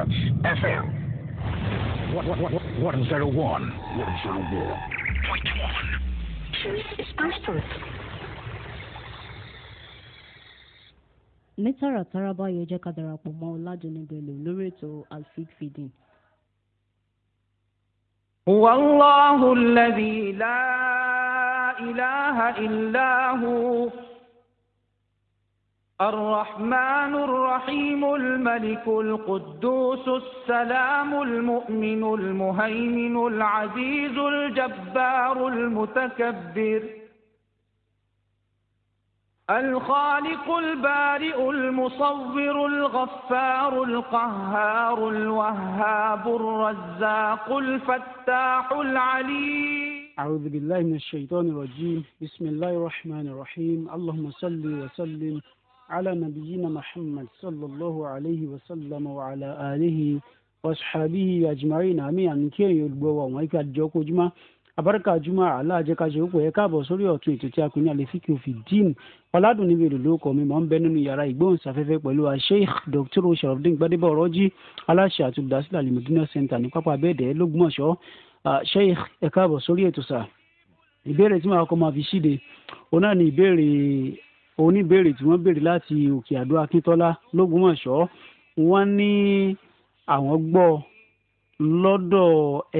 Touch FM. What, what, what, what, 101. 101. Point one. Truth is personal. ní tààràtàrà báyìí ẹ jẹ́ ká darapọ̀ mọ́ ọlájọ́ni lórí ètò alfik feeding. wàláhùn lẹ́bi ìlà ìlà ìlà الرحمن الرحيم الملك القدوس السلام المؤمن المهيمن العزيز الجبار المتكبر الخالق البارئ المصور الغفار القهار الوهاب الرزاق الفتاح العليم أعوذ بالله من الشيطان الرجيم بسم الله الرحمن الرحيم اللهم صل وسلم على نبينا محمد صلى الله عليه وسلم وعلى آله وصحبه أجمعين آمين أن كيري يلبوا ومعيك أجوكو جمع abarika juma aláàjẹká ṣe òkú ẹ káàbọ̀ sórí ọ̀tún ètò tí a pè ní àlefíkì òfin dín ọládùn níbi ìlú kọ mi máa ń bẹ nínú yàrá ìgbóhùnsáfẹ́fẹ́ pẹ̀lú Sheikh Dr. sharafdin gbadebo ọrọjì aláṣẹ àti olùdásílẹ̀ alimudina center ní pápá abẹ́ẹ̀dẹ́ lógúnmọ̀ṣọ́ Sheikh ẹ káàbọ̀ sórí ètò sà ìbéèrè tí màá kọ́ máa fi ṣíde òun náà ní ìbéèrè oníbèrè tí wọ́n béèrè láti òkè àdó akíntọ́lá lógúnmọ̀ṣọ́ wọ́n ní àwọn gbọ́ lọ́dọ̀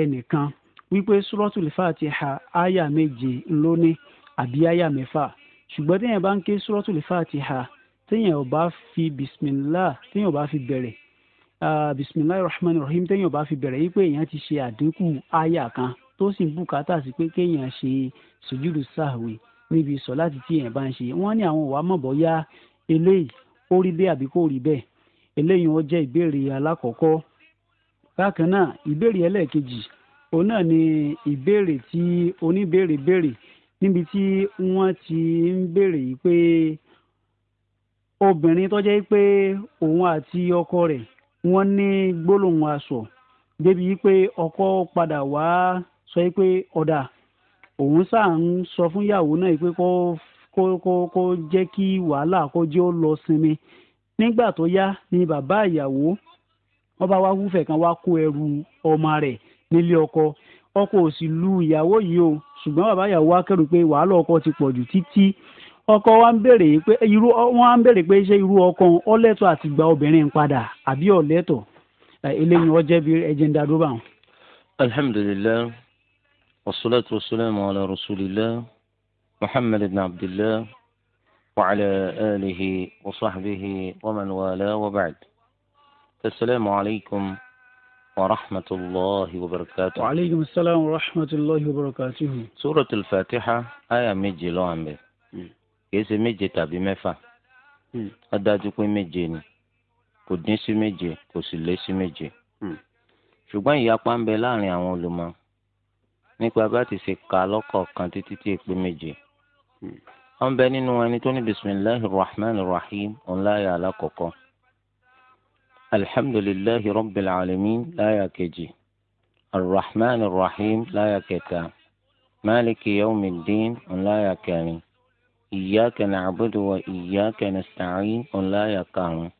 ẹnìkan wípé suratul fatiha aya méje ló ní àbí aya mẹ́fà ṣùgbọ́n téèyàn bá ń ké suratul fatiha téèyàn ò bá fi bismillah téèyàn ò bá fi bẹ̀rẹ̀ bisimilahi rahman rahim téèyàn bá fi bẹ̀rẹ̀ yìí èèyàn ti ṣe àdínkù àyà kan tó sì ń bùkátà sí pé kéèyàn ṣe sùjúdù sáhwì níbi sọ̀láàtì tí èèyàn bá ń ṣe wọ́n ní àwọn wàá mọ̀ bóyá eléyìí ó rí bẹ́ẹ̀ àbí kò rí bẹ́ẹ̀ eléyìí wọ́n jẹ́ ìbéèrè alákọ̀ọ́kọ́ bákan náà ìbéèrè ẹlẹ́ẹ̀kejì òun náà ni ìbéèrè tí oníbéèrè béèrè níbi tí wọ́n ti ń béèrè yìí pé obìnrin tó jẹ́ pé òun àti ọkọ rẹ̀ wọ́n ní gbólóhùn aṣọ débi pé ọkọ padà wá sọ pé ọ̀dà òun ṣáà ń sọ fún ìyàwó náà pé kó kó kó kó jẹ́ kí wàhálà kó jẹ́ ó lọ sinmi nígbà tó yá ni bàbá ìyàwó wọn bá wá wúfẹ̀ kan wá kó ẹrù ọmọ rẹ̀ nílé ọkọ ọkọ ò sì lu ìyàwó yìí o ṣùgbọ́n bàbá ìyàwó wa kẹ́rù pé wàhálà ọkọ ti pọ̀ jù títí ọkọ wa ń béèrè pé irú wọn á ń béèrè pé ṣé irú ọkọ ọlẹ́tọ̀ àti gba obìnrin padà àbí ọ̀lẹ́tọ̀ eléyìí ọjẹ́ bí ẹjẹ̀ ń darúgbà. alhamdulilayi والصلاة والسلام على رسول الله محمد بن عبد الله وعلى آله وصحبه ومن والاه وبعد السلام عليكم ورحمة الله وبركاته وعليكم السلام ورحمة الله وبركاته سورة الفاتحة آية مجي لو عمبي كيسي مجي تابي مفا أداتي كوي مجي ني كودنسي مجي كوسي ليسي مجي شو بان يا قام بلاني عمو لما nípa bá ti ṣe kà lọ́kọ̀ọ̀kan títí tí èpè méje. wọ́n bẹ nínú ẹni tó ní bisimilahi rahman rahim ọ̀nláyà alákọ̀ọ́kọ́ alhamdulilahi rabbil alamin láyà kejì arrahman rahim láyà kẹta maliki yawmin din ọ̀nláyà kẹrin iyaka na'budu wa iyaka nasta'in ọ̀nláyà karùn-ún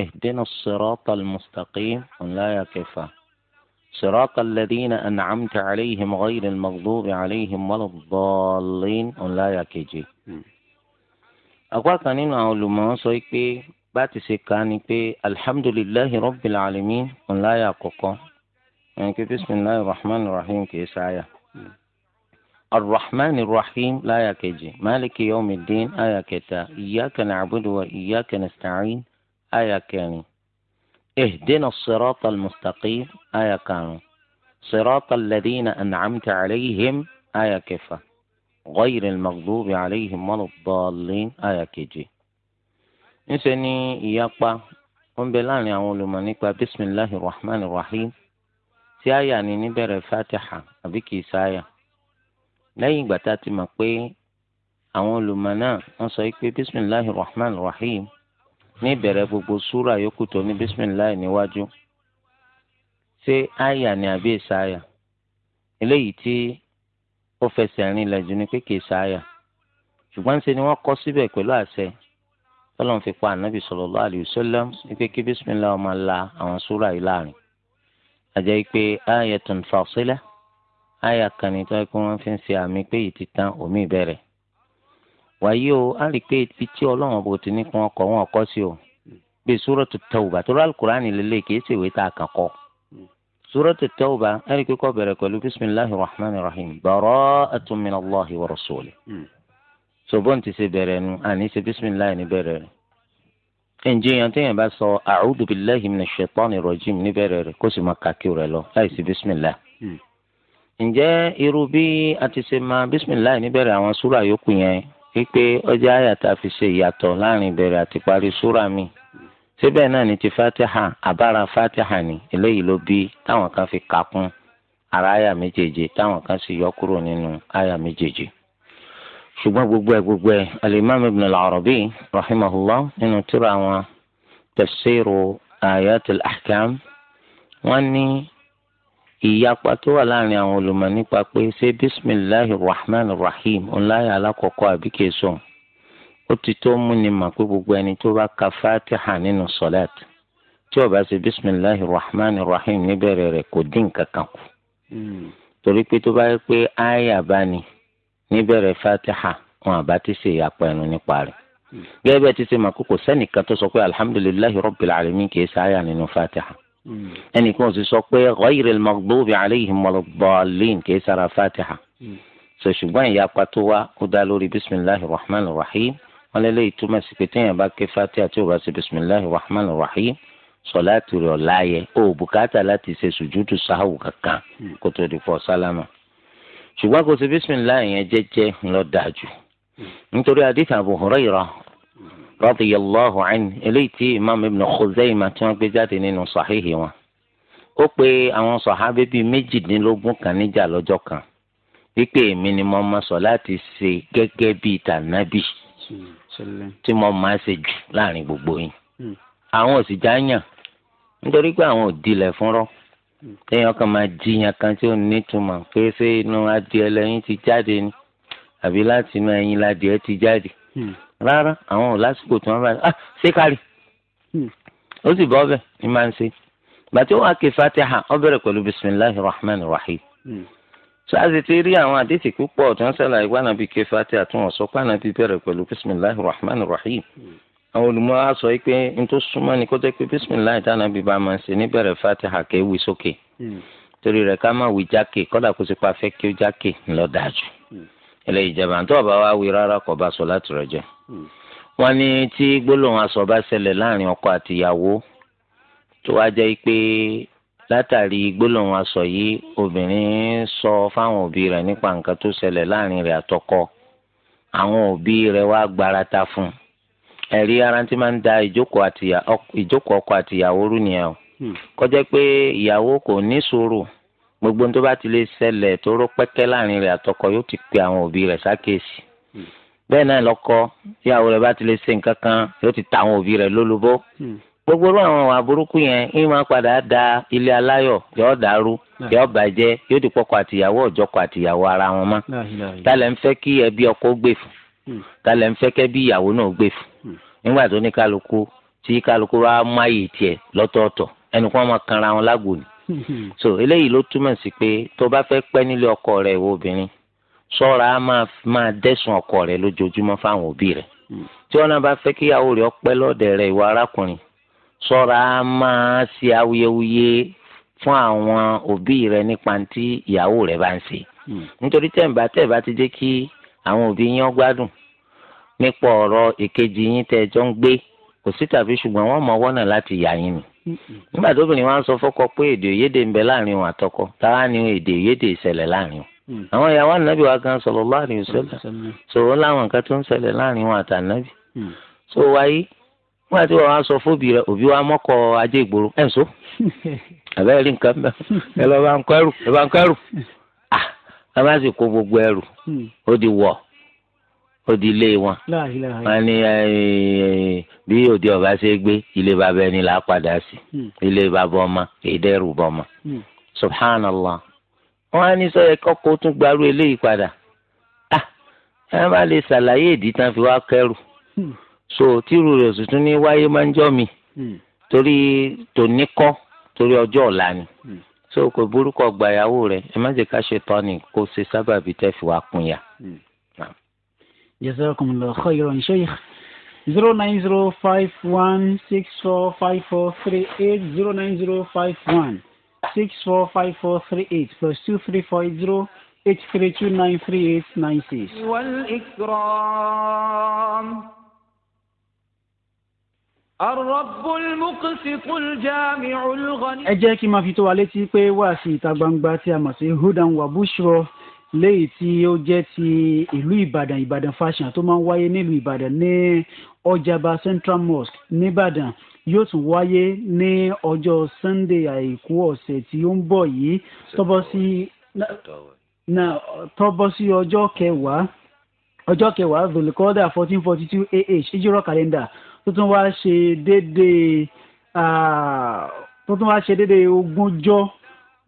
ihdina as-sirata al-mustaqim ọ̀nláyà kẹfà. صراط الذين أنعمت عليهم غير المغضوب عليهم ولا الضالين ولا يكجي أقوى كانين علماء سويك بي باتي سيكاني بي الحمد لله رب العالمين ولا يكوكا يعني بسم الله الرحمن الرحيم كي سايا الرحمن الرحيم لا يكجي مالك يوم الدين آية كتا إياك نعبد وإياك نستعين آية كاني يعني. اهدنا الصراط المستقيم آية كانوا صراط الذين أنعمت عليهم آية كفة غير المغضوب عليهم ولا الضالين آية كجي نسني يقى قم بلاني أقول من بسم الله الرحمن الرحيم سيايا نبر الفاتحة أبيك سايا لأي بتاتي مقوي أقول من بسم الله الرحمن الرحيم ní ìbẹ̀rẹ̀ gbogbo súrà yòókù tó ní bísímìláì níwájú ṣé àyà ni àbí ìsáyà eléyìí tí ó fẹsẹ̀ rinlẹ̀ jù ní kéèké ìsáyà ṣùgbọ́n ṣe ni wọ́n kọ́ síbẹ̀ pẹ̀lú àṣẹ tọ́lọ́n fi pa ànábì sallallahu alaihi wasallam wípé kí bísímìláì máa la àwọn súrà yìí láàrin àjẹ́ pé ayatun fasila àyà kan ní tó yẹ kí wọ́n fi ń ṣe àmì pé yìí wàyí o á rí i pé tí ọlọ́run bò wọn kọ́ sí o bí Suratu Tawbah tó rà al lélẹ̀ kìí ṣe ìwé tá a kàn kọ́ Suratu Tawbah á rí i pé kọ́ bẹ̀rẹ̀ pẹ̀lú bisimilahi rahman rahim bara'atun min Allahi wa rasulihi sobon ti ṣe bẹ̀rẹ̀ nu àní ṣe bisimilahi ní bẹ̀rẹ̀ rẹ̀ ǹjẹ́ yẹn tó yẹn bá sọ a'udhu billahi minash shaitani rajim ní bẹ̀rẹ̀ rẹ̀ kó sì hmm. ǹjẹ́ irú bí a ti ṣe máa bisimilahi ní bẹ̀rẹ̀ àwọn súrà yòókù yẹn wípé ọjà ayata fi ṣe ìyàtọ̀ láàrin ìbẹ̀rẹ̀ àti parí súrà mi síbẹ̀ náà ní ti fatiha àbára fatiha ni eléyìí ló bí táwọn kan fi kà kún ara àyà méjèèjì táwọn kan sì yọ kúrò nínú àyà méjèèjì ṣùgbọ́n gbogbo egbogbo gbogbo ẹ̀ alimam ibn al-arabi rahimahullah nínú tírà wọn tafsiru ayatul ahkam wọ́n ní ìyapa tó wà láàrin àwọn olùmọ̀ nípa pé ṣé bisimilahi rahman rahim ńláyà alákọ̀ọ́kọ́ àbí késo ó ti tó múni mà pé gbogbo ẹni tó bá ka fatiha nínú sọláàtì tí ó bá ṣe bisimilahi rahman rahim níbẹ̀rẹ̀ rẹ̀ kò dín kankan kù hmm. torí pé tó bá yẹ pé àyà bá ní níbẹ̀rẹ̀ fatiha wọn àbá ti ṣe ìyapa ẹnu nípa rẹ̀ hmm. gẹ́gẹ́ bí ẹ ti ṣe mà kó kò sẹ́nìkan tó sọ pé alihamudulilayi rọ́bìlì alamin kì í ṣe àyà nínú fatiha. Mm. ẹnìkan sì sọ pé ghayril maghdubi alayhim waladdallin kì í sara fatiha mm. sọ ṣùgbọ́n ìyapa tó wá ó dá lórí bisimilahi rahman rahim wọn lé léyìí túmọ̀ sí pé téèyàn bá ké fatiha tí ò bá ṣe bisimilahi rahman rahim sọláàtì rẹ̀ ọ̀láyẹ ó bùkátà láti ṣe sùjúdù sáhù kankan mm. kó tó di pọ̀ sálámà ṣùgbọ́n kò sí bisimilahi yẹn jẹ́jẹ́ ló dáa jù nítorí hadith Abu Hurairah radiyallahu anhu eléyìí tí imam ibn Khuzaymah tí wọ́n gbé jáde nínú sàhíhì wọn ó pe àwọn sọ̀hábé bíi méjìdínlógún kan níjà lọ́jọ́ kan wípé èmi ni mo máa sọ láti ṣe gẹ́gẹ́ bíi tànàbì tí mo máa ṣe jù láàrin gbogbo yín àwọn òsì jáyàn nítorí pé àwọn ò dilẹ̀ fúnrọ́ téèyàn kan máa jiyàn kan tí ó nítumọ̀ pé ṣé inú adìẹ lẹ́yìn ti jáde ni àbí láti inú ẹyin ladìẹ ti jáde rárá àwọn ò lásìkò tí wọ́n bá ah ṣé kárì hmm. ó sì bọ́ ọbẹ̀ ni máa ń ṣe gbàtí wọn ké fatiha ó bẹ̀rẹ̀ pẹ̀lú bisimilahi rahman rahim tó hmm. a sì ti rí àwọn àdìsí púpọ̀ tí wọ́n ṣàlàyé wà nàbí ké fatiha tí wọ́n sọ pé ànàbí bẹ̀rẹ̀ pẹ̀lú bisimilahi rahman rahim hmm. àwọn olùmọ̀ á sọ pé n tó súnmọ́ ni kó jẹ́ pé bisimilahi tí ànàbí bá máa ń ṣe níbẹ̀rẹ̀ fatiha kẹ́ wí sókè torí rẹ̀ ká má wí jákè kọ́dà kó sì pa fẹ́ kí ó jákè ńlọ dájú ilé ìjẹba tó wọ́n ní tí gbólóhùn aṣọ bá ṣẹlẹ̀ láàrin ọkọ àti ìyàwó tó wá jẹ́ pé látàrí gbólóhùn aṣọ yìí obìnrin sọ fáwọn òbí rẹ̀ nípa nǹkan tó ṣẹlẹ̀ láàrin rẹ̀ àtọkọ àwọn òbí rẹ̀ wá gbarata fún un ẹ̀rí ara tí máa ń da ìjókòó ọkọ àti ìyàwó rú nìyẹn o hmm. kọjá pé ìyàwó kò ní sùúrù gbogbo tó bá ti lè ṣẹlẹ̀ tó rọ pẹ́kẹ́ láàrin rẹ̀ àtọkọ yóò ti pe àwọn òbí rẹ̀ sákèsì hmm bẹ́ẹ̀ náà lọ́kọ tí àwọn rẹ̀ bá ti lè ṣe nǹkan kan yóò ti ta àwọn òbí rẹ̀ lólobó hmm. gbogbo irú àwọn àwọn aburúkú yẹn ń máa padà da ilé aláyọ̀ yóò dàrú hmm. yóò bàjẹ́ yóò di pọkọ àtìyàwó ọ̀jọ́kọ àtìyàwó ara wọn mọ́ tálẹ̀ ń fẹ́ kí ẹbí ọkọ gbè fún hmm. tálẹ̀ ń fẹ́ kẹ́bí ìyàwó náà gbè fún nígbà tó ní kálukú tí kálukú wa máa yè tiẹ̀ lọ́tọ̀ọ̀tọ̀ ẹnì kan so eléyìí ló túmọ̀ sí pé tó bá fẹ́ pẹ́ sọ́ra á máa máa dẹ́sùn ọkọ rẹ̀ lójoojúmọ́ fáwọn òbí rẹ̀ hmm. tí wọn náà bá fẹ́ kíyàwó rẹ̀ ọpẹ́ lọ́dẹ̀ rẹ̀ ìwà arákùnrin sọ́ra á máa ṣe awuyewuye fún àwọn òbí rẹ̀ nípa tí ìyàwó rẹ̀ bá ń ṣe hmm. nítorí tẹ̀m̀bá tẹ̀m̀bá ti jẹ́ kí àwọn òbí yín gbádùn nípa ọ̀rọ̀ èkejì yín tẹ́ jọ ń gbé kò sí tàbí ṣùgbọ́n wọ́n mọ wọ́nà láti yà yín ni hmm. nígbà tóbìnrin wa ń sọ fọ́kọ pé èdè òyédè ń bẹ láàrin òun àtọkọ táwa ni èdè òyédè ìṣẹ̀lẹ̀ láàrin òun Hmm. àwọn ìyàwó ànábì wa gan sallallahu alaihi wasallam hmm. sọ̀rọ̀ láwọn nǹkan tó ń ṣẹlẹ̀ láàrin wọn àtànábì hmm. so wáyé wọn àti wọn wá sọ fóbi rẹ òbí wa ajé ìgboro ẹ̀ so àbẹ́rẹ́ rí nǹkan mẹ́ ẹ bá ń ẹrù ẹ bá ń ẹrù ah ẹ má sì di wọ. ó di ilé wọn wọn bí òde ọba ṣe gbé ilé là á padà sí ilé ọmọ èdè wọ́n á ní sọ́yẹ kọ́kọ́ tún gbarú eléyìí padà ah, ẹ má lè ṣàlàyé ìdí tán fi wá kẹrù hmm. so tírú rẹ̀ tuntun ní wáyé máa ń jọ́ mi hmm. torí tòní kọ́ torí ọjọ́ ọ̀la ni hmm. so kò burúkọ gbàyàwó rẹ̀ ẹ má jẹ́ ká ṣe tọ́ni kó ṣe sábàbí tẹ́ fi wá pín yà. jazakumullahu khairan sheikh zero nine zero five one six four five four three eight zero nine zero five one six four five four three eight plus two three four zero eight three two nine three eight nine six. والإكرام الرب المقسط الجامع الغني. ẹ jẹ́ kí n máa fi tó wa létí pé wáàsí ìta gbangba tí a mọ̀ sí hudan wa léyìí tí ó jẹ́ ti ìlú ìbàdàn ìbàdàn fashion tó máa ń wáyé nílùú ìbàdàn ní ọjàba central mosque níbàdàn yóò tún wáyé ní ọjọ́ sunday àìkú ọ̀sẹ̀ tí ó ń bọ̀ yìí tọ́bọ̀ sí tọ́bọ̀ sí ọjọ́ kẹwàá ọjọ́ kẹwàá zolikọ́dà fourteen forty two ah ìjírọ̀ kàlẹ́ndà tó tún wá ṣe déédéé tó tún wá ṣe déédéé ogúnjọ́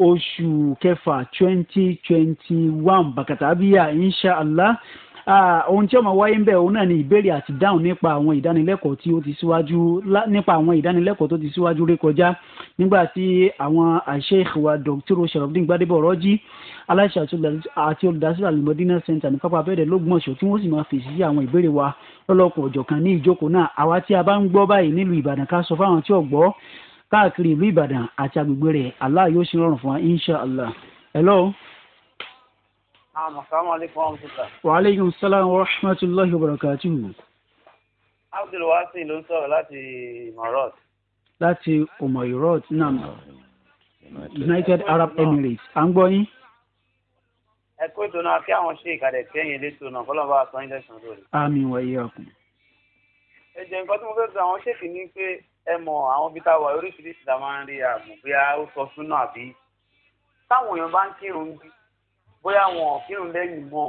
oṣù kẹfà twenty twenty one bàkàtà bíyà insha Ah, ohun tí ó máa wáyé ń bẹ̀ òun náà ni ìbéèrè àti dáhùn nípa àwọn ìdánilẹ́kọ̀ọ́ tí ó ti síwájú nípa àwọn ìdánilẹ́kọ̀ọ́ tó ti síwájú ré kọjá nígbà tí àwọn Sheikh wa Dr. Sharafdin Gbadebo Ọ̀rọ̀jì aláṣẹ àti olùdásílẹ̀ alimọ̀dínà center ní pápá abẹ́rẹ́ lọ́gbọ̀nsọ̀ tí wọ́n sì máa fèsì sí àwọn ìbéèrè wa lọ́lọ́kùn ọ̀jọ̀kan ní ìjókòó náà àwa tí a bá ń gbọ́ báyìí nílùú Ìbàdàn ká sọ fáwọn tí ò gbọ́ káàkiri ìlú Ìbàdàn àti agbègbè rẹ̀ Allah yóò ṣe rọrùn fún wa insha Allah hello wàhálẹ́gùn sálàmù rahmatulahi wabarakatuh. abdulwasi ló ń sọ̀rọ̀ láti marot. láti umairot nam united arab emirates à ń gbọ́ yín. ẹ kó ètò náà kí àwọn ṣe ìkàdẹ̀ tí ẹ̀yìn létò náà kọ́lọ́ bá sọ yín lẹ́sàn-án lórí. àmì wáyé àkùn. ẹ jẹ́ nǹkan tí mo fẹ́ sọ àwọn ṣèkì ni pé ẹ mọ àwọn bí tá oríṣiríṣi la máa ń rí àmọ̀ bí a ó sọ súnà àbí táwọn èèyàn bá ń kírun bíi bóyá wọn ò kírun lẹ́yìn mọ́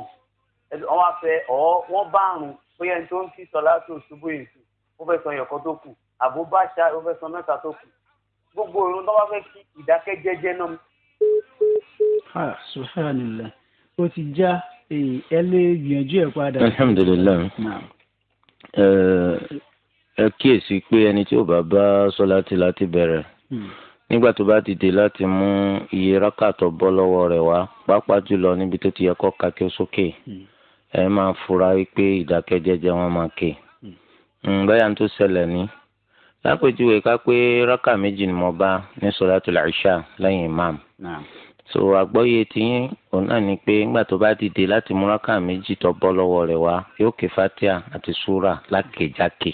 wọn wá fẹ́ ọ́ wọ́n bá àrùn bóyá ẹni tó ń kí sọlá tó ṣubú èsì ó fẹ́ sọ yọ̀kọ́ tó kù àbó bá ṣá ó fẹ́ sọ mẹ́ta tó kù gbogbo ìrun tó bá fẹ́ kí ìdákẹ́jẹ́jẹ́ náà. a subhanallah ó ti já ẹ lè gbìyànjú ẹ padà. alhamdulilayi ẹ kíyèsí pé ẹni tí ò bá bá sọlá tí láti bẹ̀rẹ̀. Hmm. nígbà tó bá dìde láti mú iye rákàtọ̀ bọ́ lọ́wọ́ rẹ̀ wá pàápàá jùlọ níbi tó ti yẹ kó ka kí ó sókè hmm. ẹ máa fura wípé ìdákẹ́jẹ́jẹ́ wọn máa ké hmm. hmm, báyà tó ṣẹlẹ̀ ní lápèjúwe ká pé rákà méjì ni mo bá ní solatul isha lẹ́yìn imam so àgbọ́yé tiyín òun náà ni pé nígbà tó bá dìde láti mú rákà méjì tó bọ́ lọ́wọ́ rẹ̀ wá yóò ké fatia àti súrà lákèjákè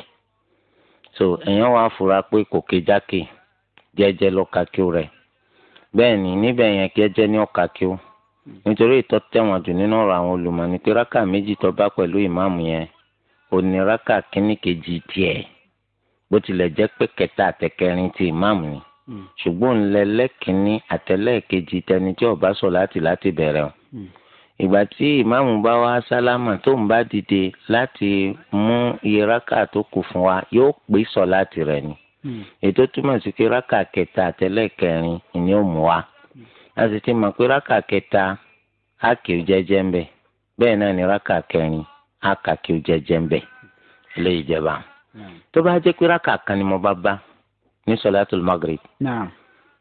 so ẹ̀yàn wàá fura pé kò kéjákè. jẹ́jẹ́ lọ ka kí o rẹ̀ bẹ́ẹ̀ ni níbẹ̀ yẹn jẹ́jẹ́ ní ọ̀ka kí o nítorí ìtọ́ tẹ̀wọ̀n jù nínú ọ̀rọ̀ àwọn olùmọ̀ ni pé rákà méjì tó bá pẹ̀lú ìmáàmù yẹn ò ní rákà kínní kejì tiẹ̀ bó tilẹ̀ jẹ́ pé kẹta àtẹkẹrin ti ìmáàmù ni hmm. ṣùgbọ́n ńlẹ́lẹ́kìnní àtẹlẹ́ẹ̀kejì tẹni tí ó bá sọ láti láti bẹ̀rẹ̀ o hmm. ìgbà tí ìmáàmù bá wá sálámà tó ń bá dìde láti mú iye rákà tó kù fún wa yóò pè sọ láti rẹ̀ ni Hmm. ètò túmọ̀ sí pé rákà kẹta àtẹlẹ́kẹrin ìní ò mú wa hmm. a sì ti mọ̀ pé rákà kẹta á kì jẹ́jẹ́ ń bẹ̀ bẹ́ẹ̀ náà ni rákà kẹrin á kà kì jẹ́jẹ́ ń bẹ̀ ilé ìjẹba hmm. tó bá jẹ́ pé rákà kan ni mo bá bá ní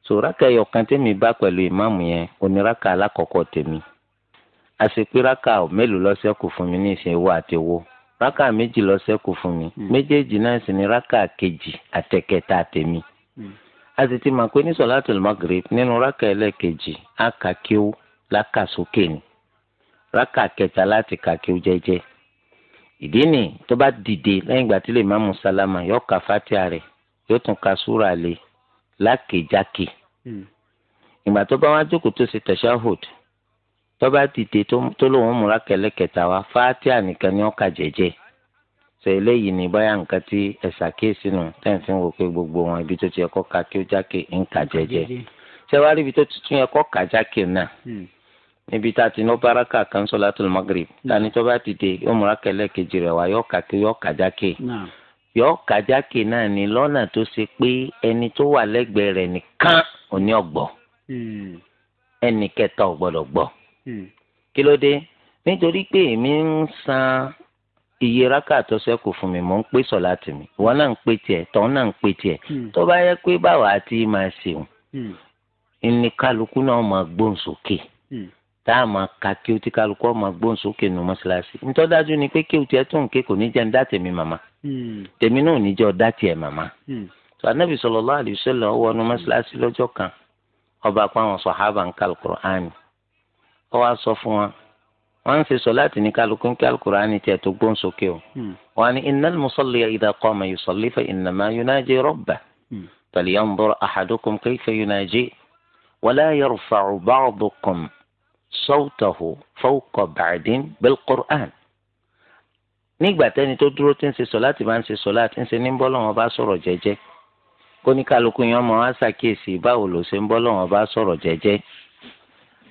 so rákà ẹyọ kan tèmi bá pẹ̀lú ìmáàmù yẹn alákọ̀ọ́kọ́ rákà mélòó fún mi ní ewu àti ewu Raka méjì ló ṣẹ́kù fún mi hmm. méjèèjì náà sì ni rákà kejì àtẹ̀kẹta tèmi hmm. a sì ti mọ̀ pé ní sọ̀látùl magrib nínú rákà ẹlẹ́kejì á kà kí ó lákà sókè ni rákà kẹta láti kà kí ó jẹ́jẹ́ ìdí nì tó bá dìde lẹ́yìn ìgbà tí lè má mú sálámà yóò ka fatia rẹ̀ yóò tún ka súra lé lákèjákè hmm. ìgbà tó bá wá jókòó tó ṣe tashahhud tọ́ba dìde tó lóun múra kẹlẹ́kẹta wa fátíà nìkan ni ó kà jẹ́jẹ́ sọ eléyìí ní báyà nǹkan tí ẹ ṣàkíyèsí nù tẹ́ǹtì ń wò pé gbogbo wọn ibi tó ti yẹ kọ́ ka kí ó jákè ń kà jẹ́jẹ́ ṣẹ́wárí ibi tó tuntun yẹ kọ́ jákè náà hmm. níbi tá a ti ná báraka kan solatul magrib hmm. tani tọ́ba dìde yóò múra kẹlẹ́kejì rẹ̀ wá yóò kà kí yóò kà jákè yóò kà jákè náà ní lọ́nà tó ṣe pé ẹni tó wà lẹ́gbẹ̀ẹ́ rẹ̀ nìkan ò ní ọ̀gbọ́ hmm. ẹnì kẹta ò gbọ́dọ̀ gbọ́. Hmm. kí ló dé nítorí pé èmi ń san iye rákà tó ṣẹ́kù fún mi mò ń pè sọ láti mi ìwọ náà ń pè tiẹ̀ na náà ń pè tiẹ̀ hmm. tó bá yẹ pé báwa ti máa ṣeun hmm. ní kálukú náà máa gbóhùn sókè tá a máa ka kí o ti kálukú ọ máa gbóhùn sókè nù mọ́ṣáláṣí ni pé kí o tiẹ̀ tó ń ké kò ní dá tèmi màmá tèmi náà ò ní jẹ́ ọ dá tiẹ̀ màmá kan ọba pa àwọn ó wá sọ fún wa wọn ń fi sọ láti ní kálukú ń kí alukur'ani tiẹ̀ tó gbóhùn sókè o wa so fun wa won fi so lati ni kaluku ní n ki ní tie to gbohun soke o won ni innal musalli idha qama yusalli fa innama yunaji rabbah falyanzur ahadukum kayfa yunaji wala yarfa'u ba'dukum sawtahu fawqa ba'din bilqur'an nígbà tẹ́ni tó dúró tí ń ṣe sọláàtì bá ń ṣe sọláàtì ń ṣe ní bọ́ lọ́wọ́ bá sọ̀rọ̀ jẹ́jẹ́ kóníkàlùkù yẹn ọmọ wa ṣàkíyèsí báwo ló ṣe ń bọ́ lọ́wọ́ bá sọ̀rọ̀ jẹ́jẹ́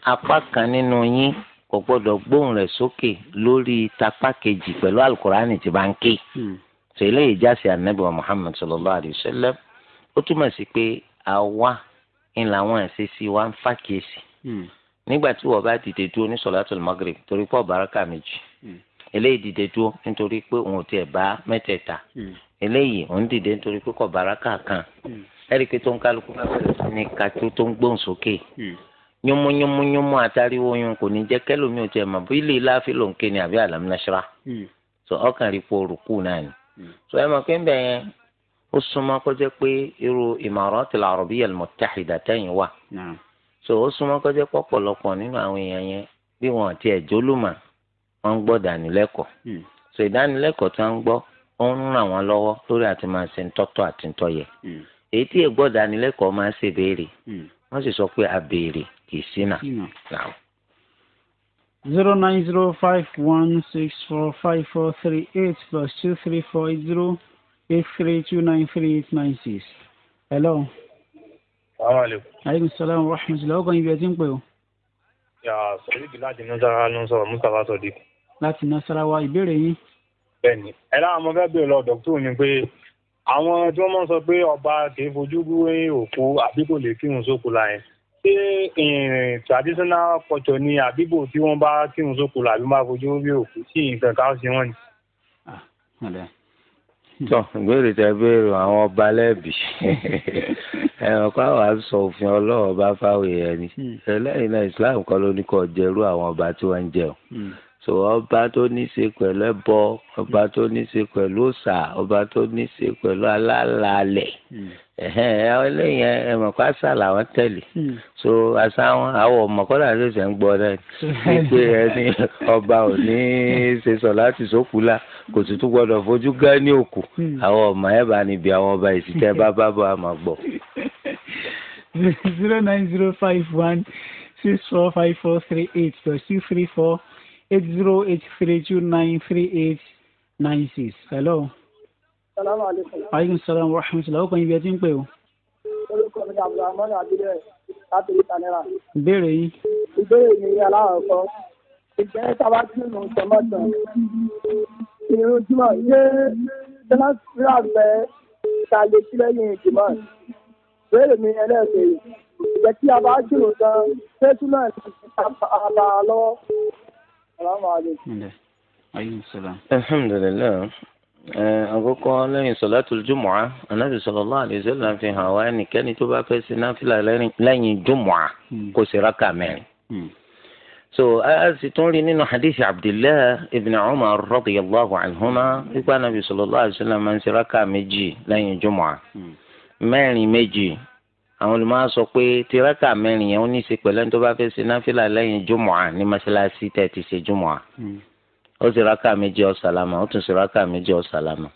apá kan nínú yín kò gbọdọ̀ gbóhùn rẹ̀ sókè lórí tapá kejì pẹ̀lú alukurani tí bá ń ké ṣe hmm. eléyìí jáse anabi wa muhammed sallallahu alayhi wa sallam ó túmọ̀ sí pé àwa ń làwọn àṣeṣe wa ń fàkíyèsí hmm. nígbà tí wọ́n bá dìde dúró ní sọ̀látùl magrib torí pọ̀ bàrákà méjì hmm. eléyìí dìde dúró nítorí pé òun ò tiẹ̀ bá mẹ́tẹ̀ẹ̀ta eléyìí òun dìde nítorí pé kọ̀ bàrákà kan ẹ̀rí pé tó ń kálukú ká bẹ̀rẹ̀ sí ní kátó tó ń gbóhùn sókè yúnmúyúnmúyúnmú àtàríwó yún kò ní jẹ́ kẹ́lómi ò tiẹ̀ mọ̀ bí ilé láàfin ló ń ké àbí àlámúnáṣírà hmm. so ọkàn rí po òrùkù náà ni hmm. so ẹ mọ̀ pé ń bẹ̀ yẹn ó súnmọ́ kó pé irú Imarat al-Arabiyya al-Muttahida tẹ̀yìn wà so ó súnmọ́ kó jẹ́ pọ̀pọ̀lọpọ̀ nínú àwọn èèyàn yẹn bí wọn tiẹ̀ jólùmọ̀ wọn gbọ́ dánilẹ́kọ̀ọ́ hmm. so ìdánilẹ́kọ̀ọ́ tí wọ́n ń gbọ́ ó ń ràn wọ́n lọ́wọ́ lórí àti máa ṣe ńtọ́tọ́ àti ńtọ́yẹ kì zero nine zero five one six four five four three eight plus two three four zero eight three two nine three eight nine six. hello. salaamaleykum. aleykum salaam wa rahmatulah ọkàn ibi ẹ ti ń pè o. yàrá sọ̀rọ̀ láti nasarawa ló ń sọ̀rọ̀ mustapha sọ̀dí. láti nasarawa ìbéèrè yín. bẹ́ẹ̀ni ẹ láwọn ọmọ fẹẹ bèrè lọ dọkítọ ni pé àwọn tí wọn máa ń sọ pé ọba kì í fojú gbúwé òkú àbí kò lè kírun sóko la ṣé eh, traditional culture ni àbíbò tí wọ́n bá kírun sóko làbí máa fojú rí òkú sí nǹkan ká ṣe wọ́n ni. Ah, tọ ìbéèrè tẹ béèrè àwọn ọba lẹ́bi ẹ̀rọ káwọn àṣọ òfin ọlọ́wọ́ bá fáwọn èèyàn ni hmm. ẹlẹ́yìn náà Islam kọ́ ló ní kó jẹ́rú àwọn ọba tí wọ́n ń jẹun hmm. so ọba tó ní í ṣe pẹ̀lú ẹbọ ọba tó ní í ṣe pẹ̀lú ọ̀sà ọba tó ní í ṣe pẹ̀lú alálàálẹ̀ hmm eléyìí ẹ mọ̀ kó àṣà làwọn tẹ̀lé hmm. so àṣà wọn àwọ̀ ọmọ kọ́lá ṣẹ̀ṣẹ̀ ń gbọ́ náà ni pé ẹni ọba ò ní ṣe sọ láti sókù la kò sì tún gbọ́dọ̀ fojú gán ní òkú hmm. àwọn ọmọ ẹ̀ bá níbi àwọn ọba ìsìtẹ́ bá bá bọ́ àmọ́ gbọ́. zero nine zero five one six four five four three eight plus two three four eight zero eight three two nine three eight nine six hello. Assalamu alaikum. Aleykum salaam wa rahmatullahi. Ọkùnrin ibi ẹ ti ń pè o. Orúkọ mi ni Abdulrahman Abdulrahman láti ìta náírà. Ìbéèrè yín. Ìbéèrè mi ni aláàkọ́. Ìjẹ́ tábà tí mò ń sọ mọ́tàn. Irun Júmọ̀ ṣé Tẹ́lásílà fẹ́ ta lè sí Ìbéèrè mi ẹlẹ́ẹ̀kẹ́ yìí. tí a bá jùlọ tán, ṣé àbá lọ́wọ́? Assalamu Aleykum salaam. Alhamdulillah àkọ́kọ́ lẹ́yìn sọ̀látùl jumu'ah anábì sallallahu alaihi wasallam fi hàn wá ẹnikẹ́ni tó bá fẹ́ ṣe náfìlà lẹ́yìn jumu'ah hmm. kó ṣe rákà mẹ́rin. Hmm. so a sì tún rí nínú hadithi abdullahi ibn umar radiyallahu anhuma nípa anábì sallallahu alaihi wasallam máa ń ṣe rákà méjì lẹ́yìn jumu'ah hmm. mẹ́rin méjì àwọn olùmọ̀ sọ pé tiraka mẹ́rin yẹn ó ní í ṣe pẹ̀lú ẹni tó bá fẹ́ ṣe náfìlà lẹ́yìn jumu'ah ní mọ́ṣáláṣí tẹ̀ ti ṣe jumu'ah ó sì rákà méjì ó sàlámà ó tún sì rákà méjì ó sàlámà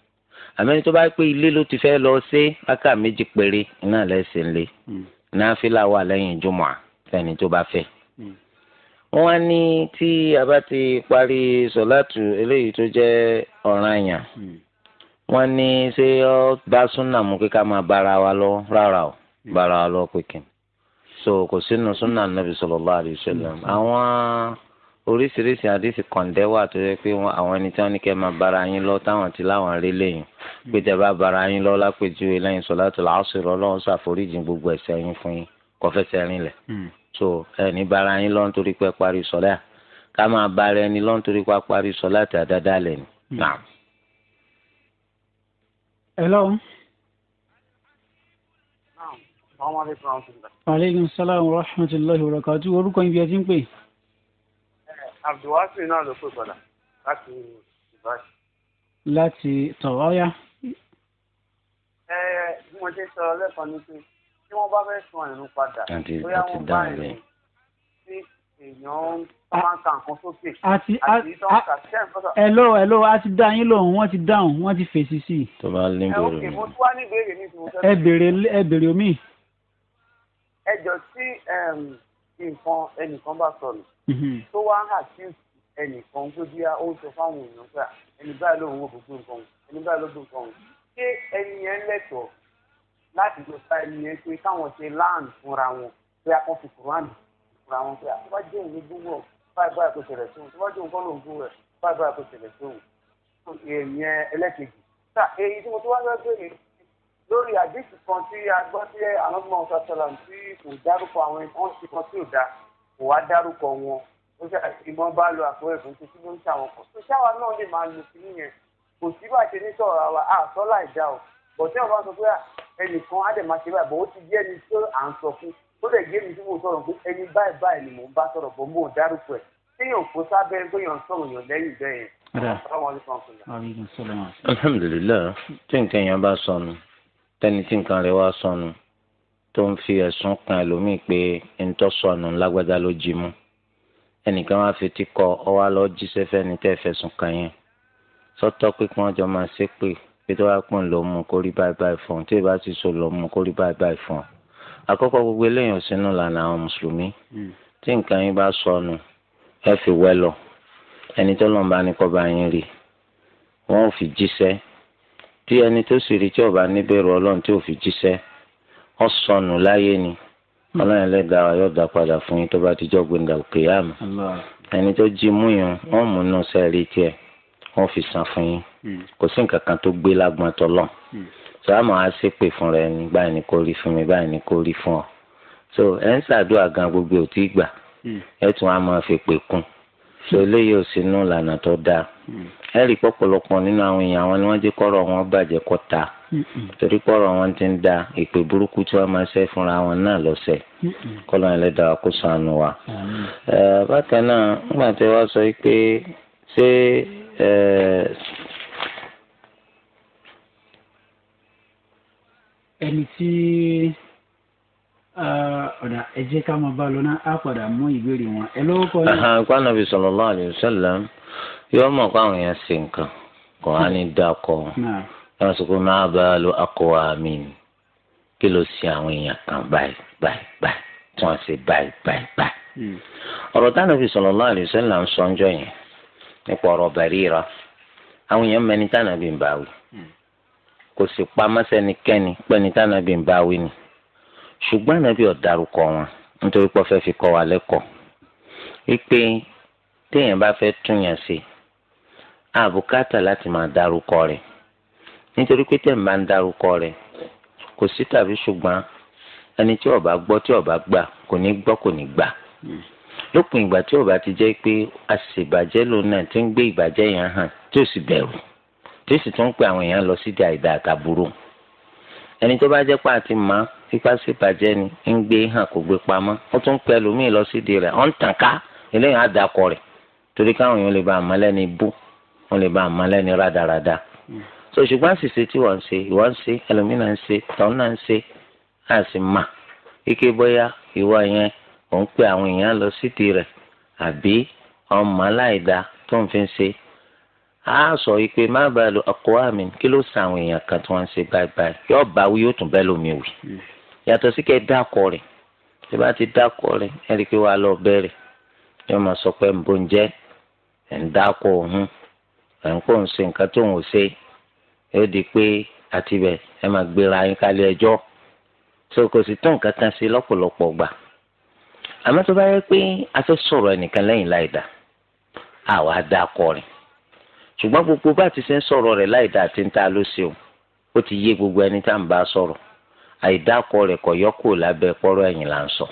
àmẹ́ni tó bá pé ilé ló ti fẹ́ lọ ṣe rákà méjì péré iná lẹ́sẹ̀ ń lé hmm. náfìlà wà lẹ́yìn jùmọ̀ fẹ́ni tó bá fẹ́. Hmm. wọ́n á ní tí a bá ti parí sọ̀látù eléyìí tó jẹ́ ọ̀ranyàn hmm. wọ́n ní ṣé ó bá súnà mú kí ká máa bára wa lọ rárá o bára wa lọ pé kí n so kò sínú súnà nàbì sallallahu alaihi wasallam àwọn oríṣiríṣi àdìsí kọ̀ǹdẹ́ wà tó yẹ pé àwọn ẹni tí wọ́n ní kẹ́ máa bára yín lọ táwọn ti láwọn rí lẹ́yìn pé tẹ́ bá bára yín lọ lápèjúwe lẹ́yìn sọ̀láàtùl Asr Ọlọ́run ṣàforíjì gbogbo ẹ̀ṣẹ̀ yín fún yín kò fẹsẹ̀ rinlẹ̀ hmm. so ẹni bára yín lọ nítorí pé parí sọ̀lá ká máa bára ẹni lọ nítorí pé parí sọ̀lá àti àdáda lẹ̀ ni. Hmm. hello. aleykum salaam wa rahmatulahi wa barakatuh orúkọ ibi ẹ ti ń pè é abdulwasi náà ló pè padà láti ìbáṣe. láti tọ̀wọ́ yá. ẹ ẹ bí mo ṣe sọ lẹ́kọ̀ọ́ ni pé tí wọ́n bá fẹ́ sun ìrun padà bóyá wọ́n bá ìrun tí èèyàn máa ń ka nǹkan sókè àti ìtọ́ka kẹ́ǹkọ́sà. hello hello a ti dá yín lóhùn wọ́n ti dáhùn wọ́n ti fèsì sí i. tó bá ní bèrè mi. ẹ mo tún wá ní ìbéèrè mi tí mo fẹ́. bèrè ẹ bèrè omi. ẹ jọ tí nǹkan ẹnìkan bá sọnù Mm-hmm. tó wá ń àkíyèsí ẹnìkan pé bí ó sọ fáwọn èèyàn pé ẹni báyìí ló ń wò gbogbo nǹkan ẹni báyìí ló gbogbo nǹkan ṣé ẹni yẹn lẹ́tọ̀ọ́ láti lọ sa ẹni yẹn pé káwọn ṣe láàánú fúnra wọn pé a kàn fi kùránì fúnra wọn pé àti bá jẹ́ òun gbogbo ọ̀ báyìí báyìí kò ṣẹlẹ̀ sóhun tó bá jẹ́ òun kọ́ lóun gbogbo rẹ̀ báyìí báyìí kò ṣẹlẹ̀ sóhun ìyẹn ẹlẹ́kejì ta èyí tí mo tó wá fẹ́ bèrè lórí àdéhùn kan tí a gbọ́ sí àwọn ọmọ ọ̀sán sọ̀rọ̀ tí kò dárúkọ àwọn ẹ̀kọ́ kò wá dárúkọ wọn ó ṣe ìmọ̀ bá lo àpòrẹ́ fún títí ló ń tà wọn kọ́ tó ṣáwa náà lè máa lo sí nìyẹn kò sí bá ṣe ní sọ̀rọ̀ àwa àtọ́ láì dá o bọ̀ tí wọ́n bá sọ pé ẹnìkan á dẹ̀ máa ṣe báyìí bọ̀ ó ti jẹ́ ẹni tó à ń sọ fún tó dẹ̀ gé mi tí mo sọ̀rọ̀ pé ẹni báyìí báyìí ni mò ń bá sọ̀rọ̀ bọ̀ mò ń dárúkọ ẹ̀ téèyàn kó sábẹ́ bóyá sọ̀rọ̀ yàn lẹ́yìn bẹ́ẹ̀ alhamdulilayi tí nǹkan yẹn bá sọnù tẹni tí nǹkan rẹ wá sọnù tó ń fi ẹ̀sùn kan ẹlòmíì pé ntọ́sọ̀nù lágbádá ló jí mú ẹnìkan wá fi tíkọ ọwá lọ jíṣẹ́ fẹ́ni tẹ́ fẹ̀sùn kàn yẹn sọ́tọ́ pípọ́n ọjọ́ máa ṣe pé pé tó wá pọ̀ ló mú kórí báyìí báyìí fún un tí ìbá ti so ló mú kórí báyìí báyìí fún un àkọ́kọ́ gbogbo eléyìí ò sínú lànà àwọn mùsùlùmí hmm. tí nǹkan yín bá sọnù ẹ fi wẹ́ lọ ẹni tó lọ́n bá ní kọ́ bá yín rí wọ́n ò fi jíṣẹ́ tí ẹni tó sì rí tí ọba níbẹ̀rù ọlọ́run tí ò fi jíṣẹ́ wọ́n sọnù láyé ni ọlọ́run ẹlẹ́dàá wa yóò dá padà fún yín tó bá ti jọ́ gbẹ̀ngà kìyàmù ẹni tó jí mú yẹn wọ́n mú inú sẹ́ẹ̀rì tiẹ̀ wọ́n fi san fún yín hmm. kò sí nǹkan kan tó gbé lágbọ́n tọ́lọ̀ tó hmm. a máa ṣe pè fún rẹ ní báyìí ni kò rí fún mi báyìí ni kò rí fún ọ so ẹ ń ṣàdúrà gan gbogbo ò tí ì gbà hmm. ẹ tún á máa fi pè kún so eléyìí ò sínú ìlànà tó dáa ẹ rí pọ̀pọ̀lọpọ̀ nínú àwọn èèyàn àwọn ni wọ́n jẹ kọrọ wọn bàjẹ́ kọ́ torí kọ́rọ̀ wọn ti ń da ìpè burúkú tí ṣe fúnra wọn náà kó wa. bákan náà nígbà sọ pé ṣé ẹ ká máa bá lọ náà á padà mú ìbéèrè wọn. ẹ lọ́wọ́ kọ́ ẹ. kwana yóò mọ̀ pé àwọn èèyàn ṣe nǹkan kò á ní dákọ̀ yóò sọ pé máa bá a lo akọ àmì kí ló ṣe àwọn èèyàn kan báyìí báyìí báyìí tí wọ́n ṣe báyìí báyìí báyìí. Hmm. ọ̀rọ̀ táwọn òbí sọ̀rọ̀ lọ́wọ́ àdìsẹ́ là ń sọ ọjọ́ yẹn nípa ọ̀rọ̀ bàríra àwọn èèyàn mẹ́ni táwọn òbí ń bá wí hmm. kò sì pamọ́ sẹ́nikẹ́ni pẹ́ni táwọn òbí ń bá wí ni ṣùgbọ́n ànábì ọ̀darúkọ wọn nítorí pé wọ́n fẹ́ fi kọ́ wa lẹ́kọ̀ọ́ wípé téèyàn bá fẹ́ túnyàn sí i àbùkátà láti máa darúkọ rẹ̀ nítorí pé tẹ̀ ń bá ń darúkọ rẹ̀ kò sí tàbí ṣùgbọ́n ẹni tí ó bá gbọ́ tí ó bá gbà kò ní gbọ́ kò ní gbà hmm. lópin ìgbà tí ó bá ti jẹ́ pé àṣìbàjẹ́ lòun náà ti ń gbé ìbàjẹ́ yẹn hàn tí ò sì bẹ̀rù tí ó sì tún ń pe àwọn èèyàn lọ sídìí àìdá àtàbúrò ẹni tó bá jẹ́ pé àti mọ́ fífá sí ìbàjẹ́ ni ń gbé hàn kò gbé pamọ́ ó tún pe ẹlòmíì lọ sídìí rẹ̀ ọ̀ ń tàn ká eléyìí á dakọ̀ rẹ̀ torí káwọn èèyàn lè ba àmọ́ bú wọ́n lè bá a máa lẹ́ni rádaràda so ṣùgbọ́n àṣìṣe tí wọ́n ń ṣe ìwọ́n ń ṣe ẹlòmínà ń ṣe tọ́hún náà ń ṣe á sì mà kíké bóyá ìwọ yẹn ò ń pe àwọn èèyàn lọ sídìí rẹ̀ àbí ọmọ aláìda tó ń fi ń ṣe á sọ wípé má bàa lo ọkọ àmì kí ló sa àwọn èèyàn kan tí wọ́n ń ṣe báibáyìí yóò bá wí yóò tún bẹ́ẹ̀ lómi wì yàtọ̀ sí kẹ́ dákọ̀ rẹ̀ tí bá ti dákọ̀ rẹ̀ ẹ̀rí pé wàá lọ bẹ̀rẹ̀ yóò máa sọ pé ń bóúnjẹ ẹ̀ ń dákọ̀ òun ẹ̀ ń pọ̀ ń ṣe nǹkan tó ń ẹ di pé ẹ máa gbéra yín ẹjọ. ẹjọ́ so kò sì tó nǹkan kan lọ́pọ̀lọpọ̀ gbà àmọ́ tó bá yẹ pé a fẹ́ sọ̀rọ̀ ẹnìkan lẹ́yìn láì àwa dá kọrin ṣùgbọ́n gbogbo bá ti ṣe ń sọ̀rọ̀ rẹ̀ láì àti ń ta ló ṣe o ó ti yé gbogbo ẹni tá à ń bá sọ̀rọ̀ àìdákọ rẹ̀ kọ̀ lábẹ́ ẹ̀yìn là sọ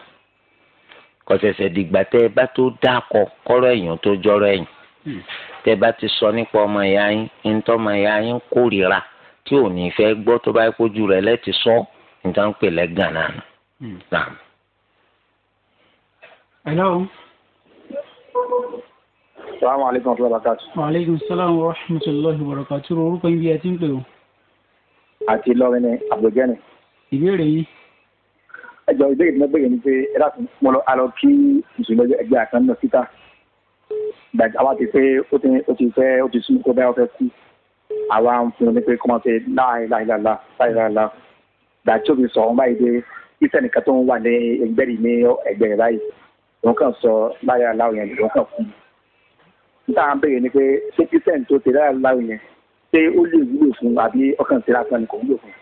kọ̀ṣẹ̀ṣẹ̀ dìgbà tẹ́ ẹ Hmm. tẹ́ bá ti sọ nípa ọmọ ìyá yín ntọ́ ọmọ ìyá yín kórìíra tí ò ní fẹ́ gbọ́ tó bá kójú rẹ̀ lẹ́ti sọ níta ń pè lẹ́gàn náà. Hmm. hello. salaamu aleykum wa rahmatulahi wa barakatu. wa aleykum wa rahmatulahi wa barakatu. orúkọ yín bí ẹ ti ń pè o. àti lọ́rin ni àbújẹ́ni. ìbéèrè yìí ẹjọ ìbéèrè tí wọn gbé yẹn ni pé ẹ láti mọ alọ kí mùsùlùmí ẹgbẹ́ àkànnà síta gbàgbé àwa ti pé ó ti ó ti fẹ́ ó ti súnmọ́ tó bá yọ fẹ́ kú àwa ń fún un ní pé kó máa ṣe láìláìláìlá láìláìlá gbàtí òbí sọ ọ̀hún báyìí dé kíṣẹ́ nìkan tó ń wà ní ẹgbẹ́ rì ní ẹgbẹ́ rẹ̀ báyìí òun kàn sọ láìláìlá òyìn òun kàn fún un. níta à ń béèrè ni pé ṣé kíṣẹ́ tó ṣe láìláìlá òyìn ṣé ó lè wúlò fún àbí ọkàn ṣe lásán ni kò wúlò fún.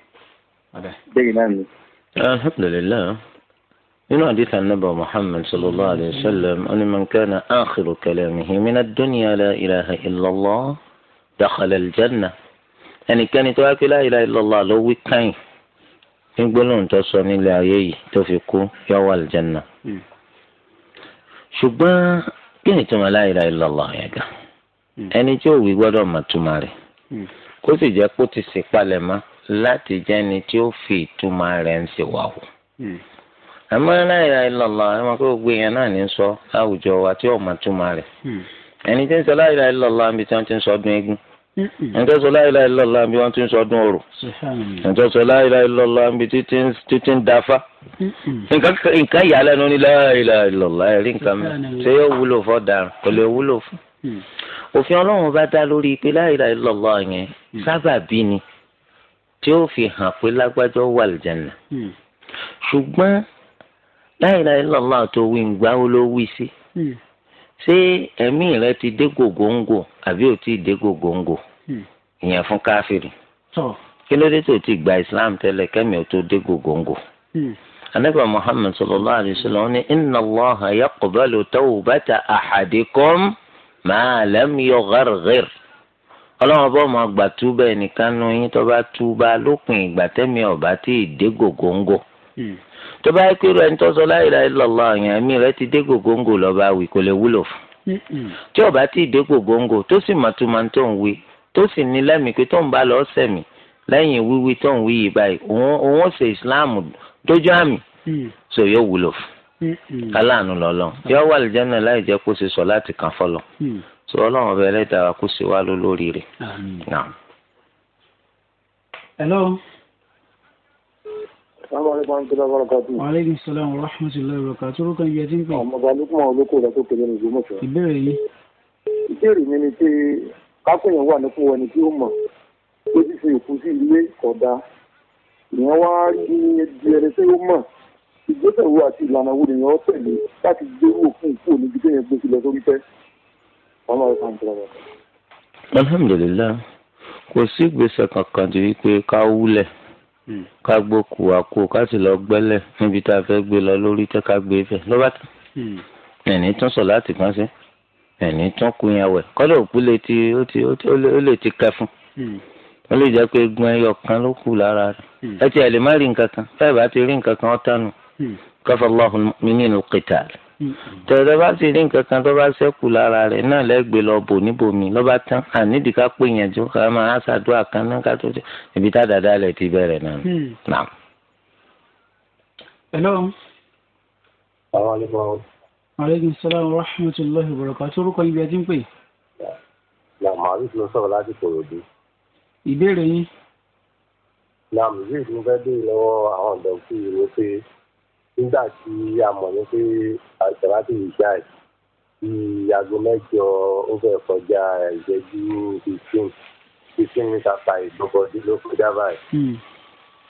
béèrè náà ni. alhamdulilayi nínú àdìsá nàbà muhammed sallallahu alayhi wa sallam ọni man kana akhiru kalamihi min ad-dunya la ilaha illallah dakhala al-janna ẹnikẹ́ni tó wá pé la ilaha illallah ló wí káyìn ní gbólóhùn tó sọ nílé ayé yìí tó fi kú yọ wà al-janna. ṣùgbọ́n kí ni túmọ̀ la ilaha illallah yẹn gan ẹni tí ò wí gbọ́dọ̀ mọ̀ túmọ̀ rẹ̀ kó sì jẹ́ kó ti ṣèpalẹ̀ mọ́ láti jẹ́ ẹni tí ó fi ìtumọ̀ rẹ̀ ń ṣèwà wò àmọ́ láìra ìlọ̀lọ̀ ẹ máa kó gbé yẹn náà ní sọ láwùjọ wa tí ọ̀mà túmọ̀ rẹ̀ hmm. ẹni tí ń sọ láìra ìlọ̀lọ̀ àbí tí wọ́n ti ń sọ ọdún eégún hmm. ẹni tó sọ láìra ìlọ̀lọ̀ àbí wọ́n ti ń sọ ọdún orò ẹni tó sọ láìra ìlọ̀lọ̀ àbí títí ń dáfá hmm. nǹkan ìyàlẹ́nu ní láìra ìlọ̀lọ̀ ẹ̀rí nǹkan mi ṣé yóò wúlò fọ́ daràn kò lè wúlò fún òfin ọlọ́run bá dá lórí pé láìra ìlọ̀lọ̀ láìláì ìlàlá tó wí ngbà ó ló wí sí hmm. ṣé ẹ̀mí rẹ ti dé gògóńgò àbí ò tí ì dé gògóńgò hmm. ìyẹn fún káfíìrì kí ló dé tó ti gba islam tẹ́lẹ̀ kẹ́mi ò tó dé gògóńgò. anabi hmm. muhammed sallallahu alayhi wa sallam ní inna allaha yaqbalu tawbata ahadikum ma lam yugharghir ọlọ́run bọ́ máa gbà túbẹ̀ nìkan nu yín tó bá túbà lópin ìgbà tẹ́mi ọ̀bá tí dé gògóńgò. Hmm. tó bá yẹ kí irú ẹni tó sọ la ilaha illallah àyàn ẹ̀mí rẹ ti dé gògóńgò lọ́ba wì kò lè wúlò fún hmm, hmm. tí ó bá ti dé gògóńgò tó sì mà tó máa tó ń wí tó sì ní lẹ́mìí pé tó ń bá lọ sẹ̀mí lẹ́yìn wíwí tó ń wí yìí báyìí òun ó ṣe ìsìláàmù dójú àmì so yóò wúlò fún aláàánú lọ́lọ́ yóò wà lìjánà láì jẹ́ kó ṣe sọ láti kàn fọlọ́ so ọlọ́run ọbẹ̀ ẹlẹ́dàá kó ṣe wá lólórí rẹ̀. hello. Aleykum salaam wa rahmatullahi wa barakatuh. Orúkọ iye tí ń pè. Ọmọ ọba Lukman olóko rẹ̀ tó kéde ní ìlú Mọ̀fẹ́. Ìbéèrè yìí. Ìbéèrè mi ni pé kákùnyàn wà nípò ẹni tí ó mọ̀ pé fífi ìkú sí ilé kódà. Ìyẹn wá rí di ẹni tí ó mọ̀. Ìgbésẹ̀ wo àti ìlànà wo nìyẹn ó tẹ̀lé láti gbé òfin kúrò níbi tí yẹn gbé sílẹ̀ sórí tẹ́. Ọmọ kò sí ìgbésẹ̀ kankan ju wípé ká wúlẹ̀. Hmm. ká gbókù àkó ká sì lọ gbẹ́lẹ̀ níbi tá a fẹ́ gbé lọ lórí tẹ́ ká gbé fẹ́ lọ́ba tán hmm. ẹ̀ní tún sọ láti kan sí ẹ̀ní tún kú yẹn wẹ̀ kọ́lé òkú lè ti ó ti ó lè ti kẹ fún hmm. ó lè jẹ́ pé egun ẹyọ kan ló kù lára rẹ̀ ẹ ti ẹ̀ lè má rí nǹkan kan fẹ́ẹ̀ bá ti rí nǹkan kan ọ́ tánu kafa Allahu minina al-qital tẹ̀lé bá sì rí nǹkan kan tó bá ṣẹ́kù lára rẹ̀ náà lẹ́gbẹ̀ẹ́ lọ bò níbòmí lọ́ba tán ànídìí ká pè yẹn jù ká ṣàdúrà kan náà ká tó dé ibi tá dáadáa lẹ̀ ti bẹ̀rẹ̀ náà. Hmm. hello. aleykum salaam wa rahmatulahi wa barakatuh orúkọ ibi ẹ ti ń pè. làmàlúù ló sọ̀rọ̀ láti kòròdú. ìbéèrè yín. làmàlúù ló fẹ́ dé lọ́wọ́ àwọn ọ̀dọ́ nígbà tí a mọ̀ ní pé àtẹ̀wátì ìjà ẹ̀ bí aago mẹ́jọ ó fẹ́ kọjá ìṣẹ́jú fifteen fifteen mítà pa ìgbọ́kọ̀dé ló kọjá báyìí. Hmm.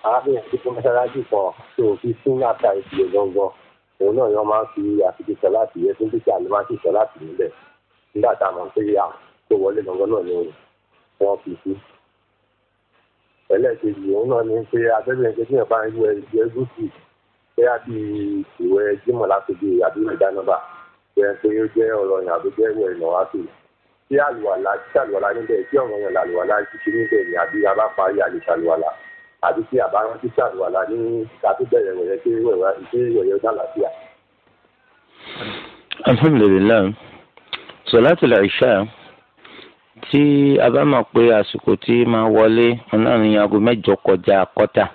arábìnrin àti mọ́ṣáláṣí kan tó fifteen àtà ìṣẹ̀lẹ̀ gangan òun náà yọ máa ń fi àfikún sọ láti yẹ fún títí àlọ́ máa ń sọ láti nílẹ̀ nígbà tá a mọ̀ pé à tó wọlé gangan náà ni wọ́n fi sí. ẹlẹ́ẹ̀kejì òun náà ni pé abẹ́bẹ̀rẹ̀ pé kí bóyá bí ìwẹ̀ jímọ̀ láti bí àdúrà ìdánọ́bà bẹ́ẹ̀ pé ó jẹ́ ọ̀rọ̀ yẹn àbí jẹ́ ìwẹ̀ ìnà wá sí i tí àlùwàlà tí àlùwàlà níbẹ̀ tí ọ̀rọ̀ yẹn làlùwàlà ṣíṣe níbẹ̀ ni àbí abá parí àlùsàlùwàlà àbí tí àbá rántí sàlùwàlà ní kátó bẹ̀rẹ̀ wẹ̀yẹ tí wẹ̀yẹ dàlàfíà. alhamdulilayi sọláàtì làìṣà tí a bá máa pe àsìkò tí máa wọlé ọ̀nà ìyàgò mẹ́jọ kọjá kọ́tà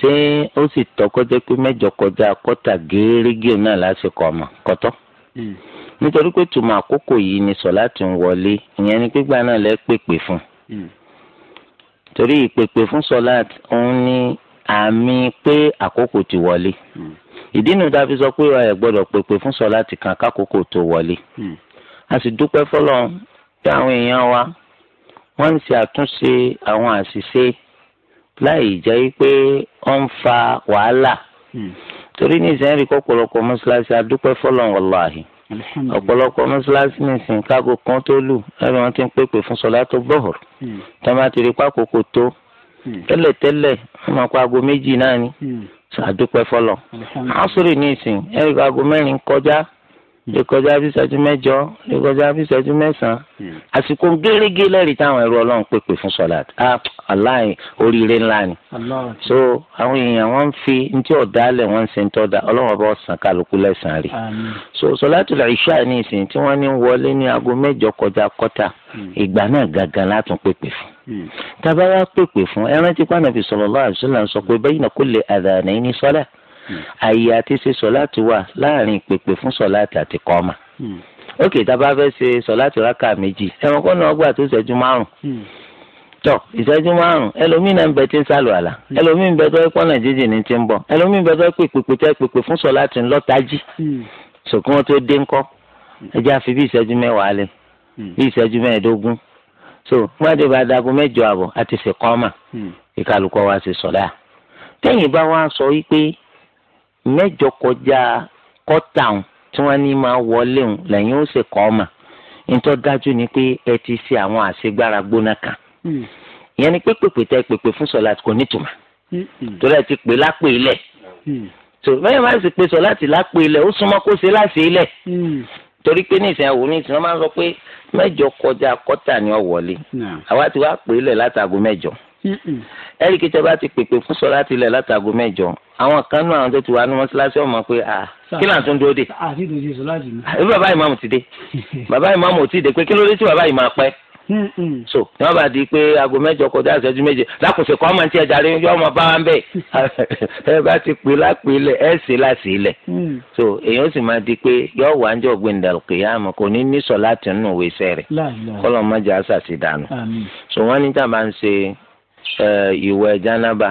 ṣé ó sì tọ́kọ́ jẹ́ pé mẹ́jọ kọjá kọ́tà gẹ́ẹ́rẹ́gẹ́ náà lásìkò ọmọ kọ́tọ́ hmm. nítorí pé tùmọ̀ àkókò yìí ni sọ̀lá ti ń wọlé ìyẹn ni pípa náà lẹ́ pèpè fún hmm. torí ìpèpè fún sọ̀lá òun ni àmì pé àkókò ti wọlé hmm. ìdí nu tá a fi sọ pé ẹ gbọ́dọ̀ pèpè fún sọ̀lá ti kákòókò tó wọlé a sì dúpẹ́ fọlọ́run pé àwọn èèyàn wa wọ́n ń ṣe àtúnṣe àwọn àṣìṣe. láì jẹ́ pé ó ń fa wàhálà hmm. torí ní ìsẹ́yìn rí kọ́pọ̀lọpọ̀ mọ́ṣáláṣí adúpẹ́ fọlọ́n wàláhì ọ̀pọ̀lọpọ̀ mọ́ṣáláṣí kágo kan tó lù wọn ti ń pèpè fún sọlá tó gbọ́hùr tó ti rí pákòkò tó hmm. tẹ́lẹ̀tẹ́lẹ̀ wọ́n máa pa aago méjì náà hmm. lè kọjá bí mẹjọ mẹ́jọ lè kọjá bí ìṣẹ́jú mẹ́sàn-án hmm. àsìkò gérégé lẹ́rìí táwọn ẹrú ọlọ́run pèpè fún sọ́lá ah, aláì oríire ńlá so àwọn èèyàn wọ́n fi nti ọ̀dà lẹ̀ wọ́n ń ṣe ọlọ́run ọba ọ̀sán kálukú so sọ́lá ìsìn tí wọ́n ní kọjá kọ́tà hmm. ìgbà náà látún pèpè fún pèpè hmm. fún ẹran tí sọ pé Hmm. àyè àti ṣe sọ̀láàtì wà láàrin ìpèpè fún sọ̀láàtì àti kọ́mà ókè hmm. tá a bá fẹ́ ṣe sọ̀láàtì rákà méjì ẹ̀wọ̀n kọ́nà ọgbà tó ṣẹ́jú márùn-ún hmm. tọ ìṣẹ́jú márùn ẹlòmíín náà ń bẹ tí ń sálọ àlà ẹlòmíín bẹ tó pọ́nà jíjì ní ti ń bọ̀ ẹlòmíín bẹ tó pèpè tẹ́ pèpè fún sọ̀láàtì ńlọ́tají ṣùgbọ́n tó dé ńkọ́ ẹjẹ́ àfi bí ìṣẹ́jú mẹ́wàá lẹ̀ bí ìṣẹ́jú mẹ́ẹ̀ẹ́dógún so mọ́tò bá dagun mẹ́jọ àbọ̀ àti ṣèkọ́mà ìkàlùkọ́ wa ṣe sọ̀lá tẹ́yìn bá wa sọ wípé mẹ́jọ kọjá kọ́tà ọ̀hún tí wọ́n ní máa wọlé ọ̀hún lẹ́yìn ó sì kọ́ ọ̀mà nítorí dájú ni pé ẹ ti ṣe àwọn àṣegbára gbóná kan hmm. ìyẹn ni pé pèpè tẹ pèpè fún sọlá kò nítumọ̀ hmm. torí ẹ ti pè lápè ilẹ̀ tó hmm. bẹ́ẹ̀ máa sì pè sọlá ti lápè ilẹ̀ ó súnmọ́ kó ṣe láṣẹ ilẹ̀ torí pé ní ìsìn àwòrán ìsìn wọn máa ń sọ pé mẹ́jọ kọjá kọ́tà ni ọ wọlé àwa ti wá pè é látago mẹ́jọ ẹ̀ríkì tẹ́ bá ti pèpè fún sọ́lá tilẹ̀ látàgò mẹ́jọ àwọn kan náà àwọn tó ti wà ní mọ́ṣáláṣí ọmọ pé à kí là ń tún dúró dé. àbí bàbá ìmáàmù ti dé bàbá ìmáàmù ò tí ì dé pé kí ló dé tí bàbá ìmáà pẹ́. so ní wọ́n bá di pé aago mẹ́jọ kọjá ìṣẹ́jú méje lákùnṣe kọ́ ọmọ tí ẹ jàre yọ ọmọ bá wa ń bẹ̀ ẹ bá ti pè lápè ilẹ̀ ẹ sì láti ilẹ̀. Mm. so èyàn sì máa di pé yọ wà ń jọ gbẹndàlùkìyàmù kò ní ní sọ láti nù wẹsẹ̀ rẹ̀ kọ́lọ́ Eh, ìwẹ̀ janaba,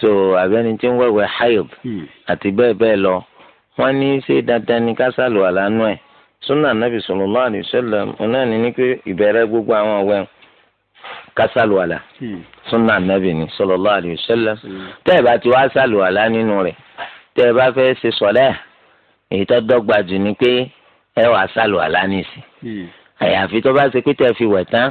so abẹ́ni tí ń wẹ̀wẹ̀ hayd hmm. àti bẹ́ẹ̀ bẹ́ẹ̀ lọ wọ́n ní ṣé dandan ni ká sálò àlánú ẹ̀ súnà nàbì sallallahu alaihi wasallam ọ̀nà ni ní pé ìbẹ̀rẹ̀ gbogbo àwọn ọ̀wẹ́ ká sálò àlà hmm. súnà nàbì ni sallallahu alaihi wasallam hmm. tẹ́ ẹ̀ bá ti wá sálò àlá nínú rẹ̀ tẹ́ ẹ bá fẹ́ ṣe sọ̀lẹ́ èyí tó dọ́gba jù ni pé ẹ wàá sálò àlá nìsí àyàfi tó bá ṣe pé tẹ́ fi wẹ̀ tán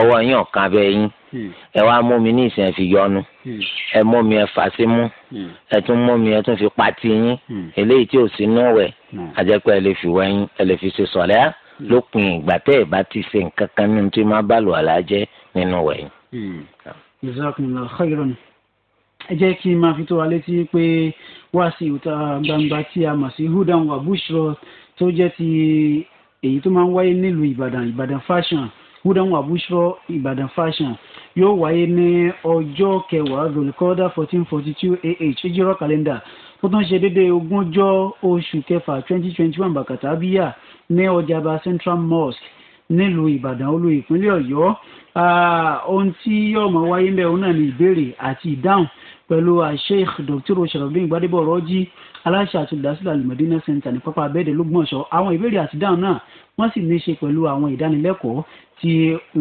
ọwọ́ yín ọ̀kan abẹ́ yín Hmm. ẹ wá mú mi ní ìsìn fi yọnu hmm. ẹ mú mi ẹ fà sí mú hmm. ẹ tún mú mi ẹ tún fi pati yín eléyìí tí ò sí inú wẹ̀ àjẹpẹ́ ẹ lè fi wẹ̀yìn ẹ lè fi ṣe sọ̀lẹ́ lópin ìgbà tẹ́ ẹ bá ti ṣe nǹkan kan nínú tí má bá lò àlàjẹ́ nínú wẹ̀yìn. Ah. ẹ jẹ́ kí n máa fi tó wa létí pé wá sí ìta gbangba tí a mọ̀ sí hudan wa bushro tó jẹ́ ti èyí tó máa ń wáyé nílùú ìbàdàn ìbàdàn fashion hudan wa bushro ibadan fashion yóò wáyé ní ọjọ́ kẹwàá zolikọ́dá fourteen forty two ah ejirọ́ kàlẹ́ndà ó tún ṣe déédéé ogúnjọ́ oṣù kẹfà twenty twenty one bàkàtà bíyà ní ọjàba central mosque nílùú ìbàdàn olú ìpínlẹ̀ ọ̀yọ́ ohun tí yóò máa wáyé ńbẹ̀ òun náà ni ìbéèrè àti ìdáhùn pẹ̀lú sheikh dr sharafdin gbadebo rọ́jí aláṣẹ àti olùdásílẹ̀ alimọ̀dínà center ní pápá abẹ́ẹ̀dẹ̀ lọ́gbọ̀nsọ àwọn ìbéèrè àti ìdáhùn náà wọ́n sì ní í ṣe pẹ̀lú àwọn ìdánilẹ́kọ̀ọ́ tí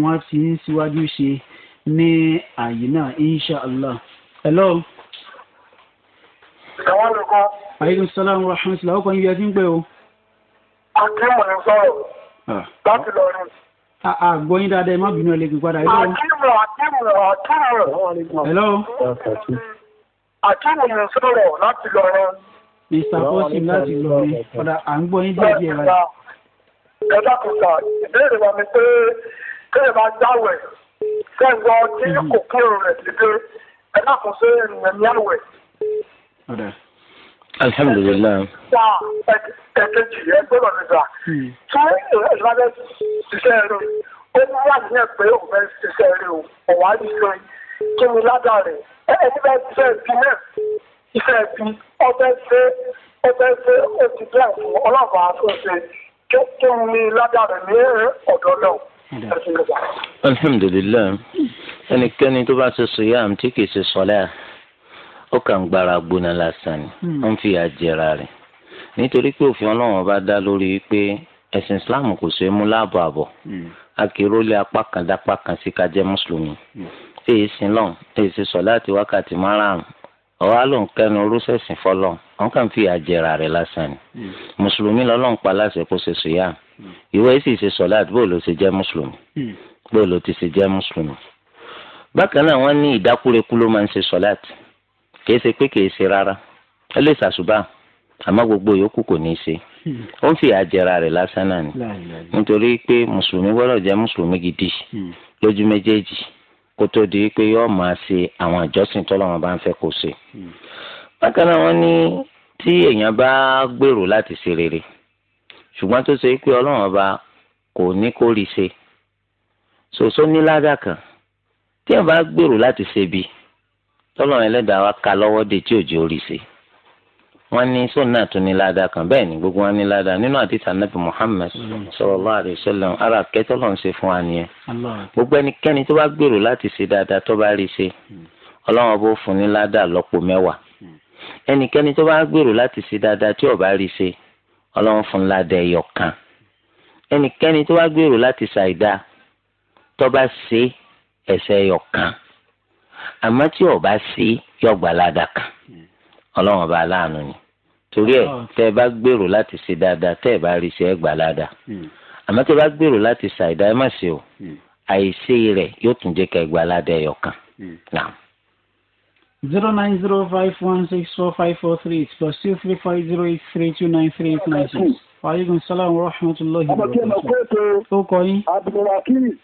wọ́n ti ń síwájú ṣe ní àyè náà inshallah. hello. ṣàwọn olùkọ́. aleykum salaam wa rahmatulah ọkọ ibi ẹtí ń pè o. akíyèmù ni sọ̀rọ̀ ah. láti lọ rí. àgbọ̀ yín dáadáa ẹ má bínú ẹ lè pè padà. akíyèmù akíyèmù akíyèmù. hello. akíyèmù ni sọ̀rọ̀ láti lọ rí. mr fosim láti lọ rí padà à ń gbọ́ yín díẹ̀ díẹ̀ báyìí ẹ̀dá kọ̀ọ̀kan ìbéèrè wa ni pé kéèyàn máa gbáwẹ̀ kẹ́ńgọ́ tí mhm. kò kírun rẹ̀ dìde ẹ̀dá kan sí ènìyàn ní àwẹ̀. alhamdulilayi. ṣá ẹ̀kejì ẹ gbọ́dọ̀ nígbà tí hmm. ìrẹsìlábẹ́ ṣiṣẹ́ rẹ̀ ó ní láti ní ẹ̀pẹ́ òun fẹ́ ṣiṣẹ́ rẹ̀ o ọ̀wá ṣiṣẹ́ kí ni ládàá rẹ̀ ẹni bẹ́ẹ̀ ṣiṣẹ́ ìbí náà iṣẹ́ ìbí ọbẹ̀ ṣe ọbẹ̀ ṣe ó ti bẹ́ẹ̀ fún ọlọ́pàá tó ṣe kí n ní ládàrú ní ọ̀dọ̀ náà. alhamdulilayi ẹnikẹ́ni tó bá ṣe sùyàm tí kì í ṣe sọ́lá ó kàn gbára gbóná lásán ni hmm. ó ń fi àjẹrà rẹ̀ nítorí pé òfin ọlọ́run bá dá lórí pé ẹ̀sìn islam kò ṣe é mú láàbọ̀ àbọ̀ hmm. akérò lé apá kan dápá kan sí ká mùsùlùmí hmm. èyí sin lọ́n èyí ṣe sọ láti wákàtí márùn-ún ọ̀wá ló fọlọ́n àwọn kan fi àjẹrà rẹ lásán ni hmm. mùsùlùmí lọ́lọ́run pa láṣẹ kó ṣe sùyà ìwọ yìí sì ṣe sọláàtì bó ló ṣe jẹ́ mùsùlùmí hmm. bó ló ti ṣe jẹ́ mùsùlùmí. bákan náà wọ́n ní ìdákúrekú ló máa ń ṣe sọláàtì kìí ṣe pé kìí ṣe rárá ẹ lè ṣàṣùbà àmọ́ gbogbo yòókù kò ní í ṣe hmm. ó ń fi àjẹrà rẹ lásán náà ni nítorí pé mùsùlùmí gbọ́dọ̀ jẹ́ mùsùlùmí gidi lójú méjèèjì kó tó di pé yóò máa ṣe àwọn àjọsìn tọ́lọ́run bákan náà wọ́n ní tí èèyàn bá gbèrò láti ṣe rere ṣùgbọ́n tó ṣe pé ọlọ́run ọba kò ní kó rí ṣe ṣòṣó ní ládàá tí èèyàn bá gbèrò láti ṣe bí tọ́lọ́run ẹlẹ́dàá wa ka lọ́wọ́ de tí òjò rí ṣe wọ́n ní sọ́nà tún ní ládàá bẹ́ẹ̀ ni gbogbo wọn ní ládàá nínú àdìsá nàbì Muhammad sallallahu alaihi wasallam ara kẹtọ́ lọ́n ṣe fún wa nìyẹn gbogbo ẹnikẹ́ni tó bá gbèrò láti ṣe dáadáa tó bá rí ṣe ọlọ́run ọba ó fún ní ládàá lọ́pọ̀ mẹ́wàá ẹnikẹ́ni tó bá gbèrò láti ṣe dáadáa tí ó bá rí ṣe ọlọ́run fún ládàá ẹyọ ẹnikẹ́ni tó bá gbèrò láti ṣàìdá tó ṣe ẹsẹ àmọ́ tí ṣe yọgbà kan ọlọ́run ọba ni torí ẹ bá gbèrò láti ṣe dáadáa ẹ bá rí ṣe ẹ gbà hmm. àmọ́ bá gbèrò láti ṣàìdá ẹ má ṣe o hmm. àìṣe yóò tún zero nine zero five one six four five four three eight plus two three five zero eight three two nine three eight nine six. waaleykum salaam wa rahmatulahi wa barakatuh. ó kọ yín. abdulwakil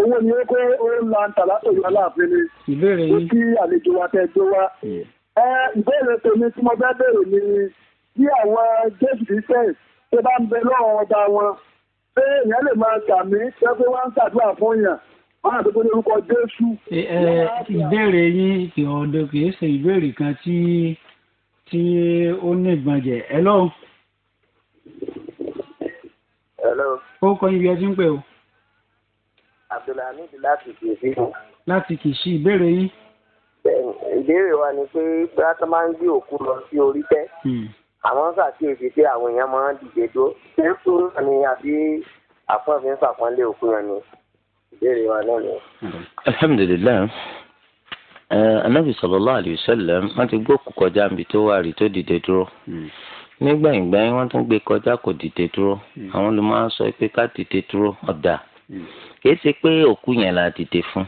owó ni ó kó ó ń la ntàlátò yọ ni. ìbéèrè yín. ó kí àlejò wa tẹ gbé wá. ẹ ìbéèrè tèmi tí mo bá béèrè ni bí àwọn jésù kristian tó bá ń bẹ lọ́wọ́ ọba wọn pé èèyàn lè máa tàmí pé wọ́n ń ṣàdúrà fún yàn wọ́n àti gbóni orúkọ jésù. ìbéèrè yín kì ọ̀dọ̀ kì í ṣe ìbéèrè kan tí tí ó ní ìgbọ̀njẹ̀ ẹ lọ́wọ́. ó kọ ibi ẹtí ń pè o. abdulhamid láti kìsì. láti kìsì ìbéèrè yín. ìbéèrè wa ni pé bíráta máa ń gbé òkú lọ sí orí tẹ́ hmm. àwọn ṣàkíyèsí pé àwọn èèyàn máa ń dìde dó ṣé sùúrù ni àbí àfọ̀nfin ṣàpọ́nlé òkú yẹn ni ìbéèrè wa náà ni. alhamdulilayi anabi sallallahu alayhi wa sallam wọn ti gbókù kọjá níbi tó wà rí tó dìde dúró hmm. nígbà ìgbà yẹn wọn tún gbé kọjá kò dìde dúró hmm. àwọn ló máa ń sọ pé ká dìde dúró ọ̀dà hmm. kìí ṣe pé òkú yẹn la dìde fún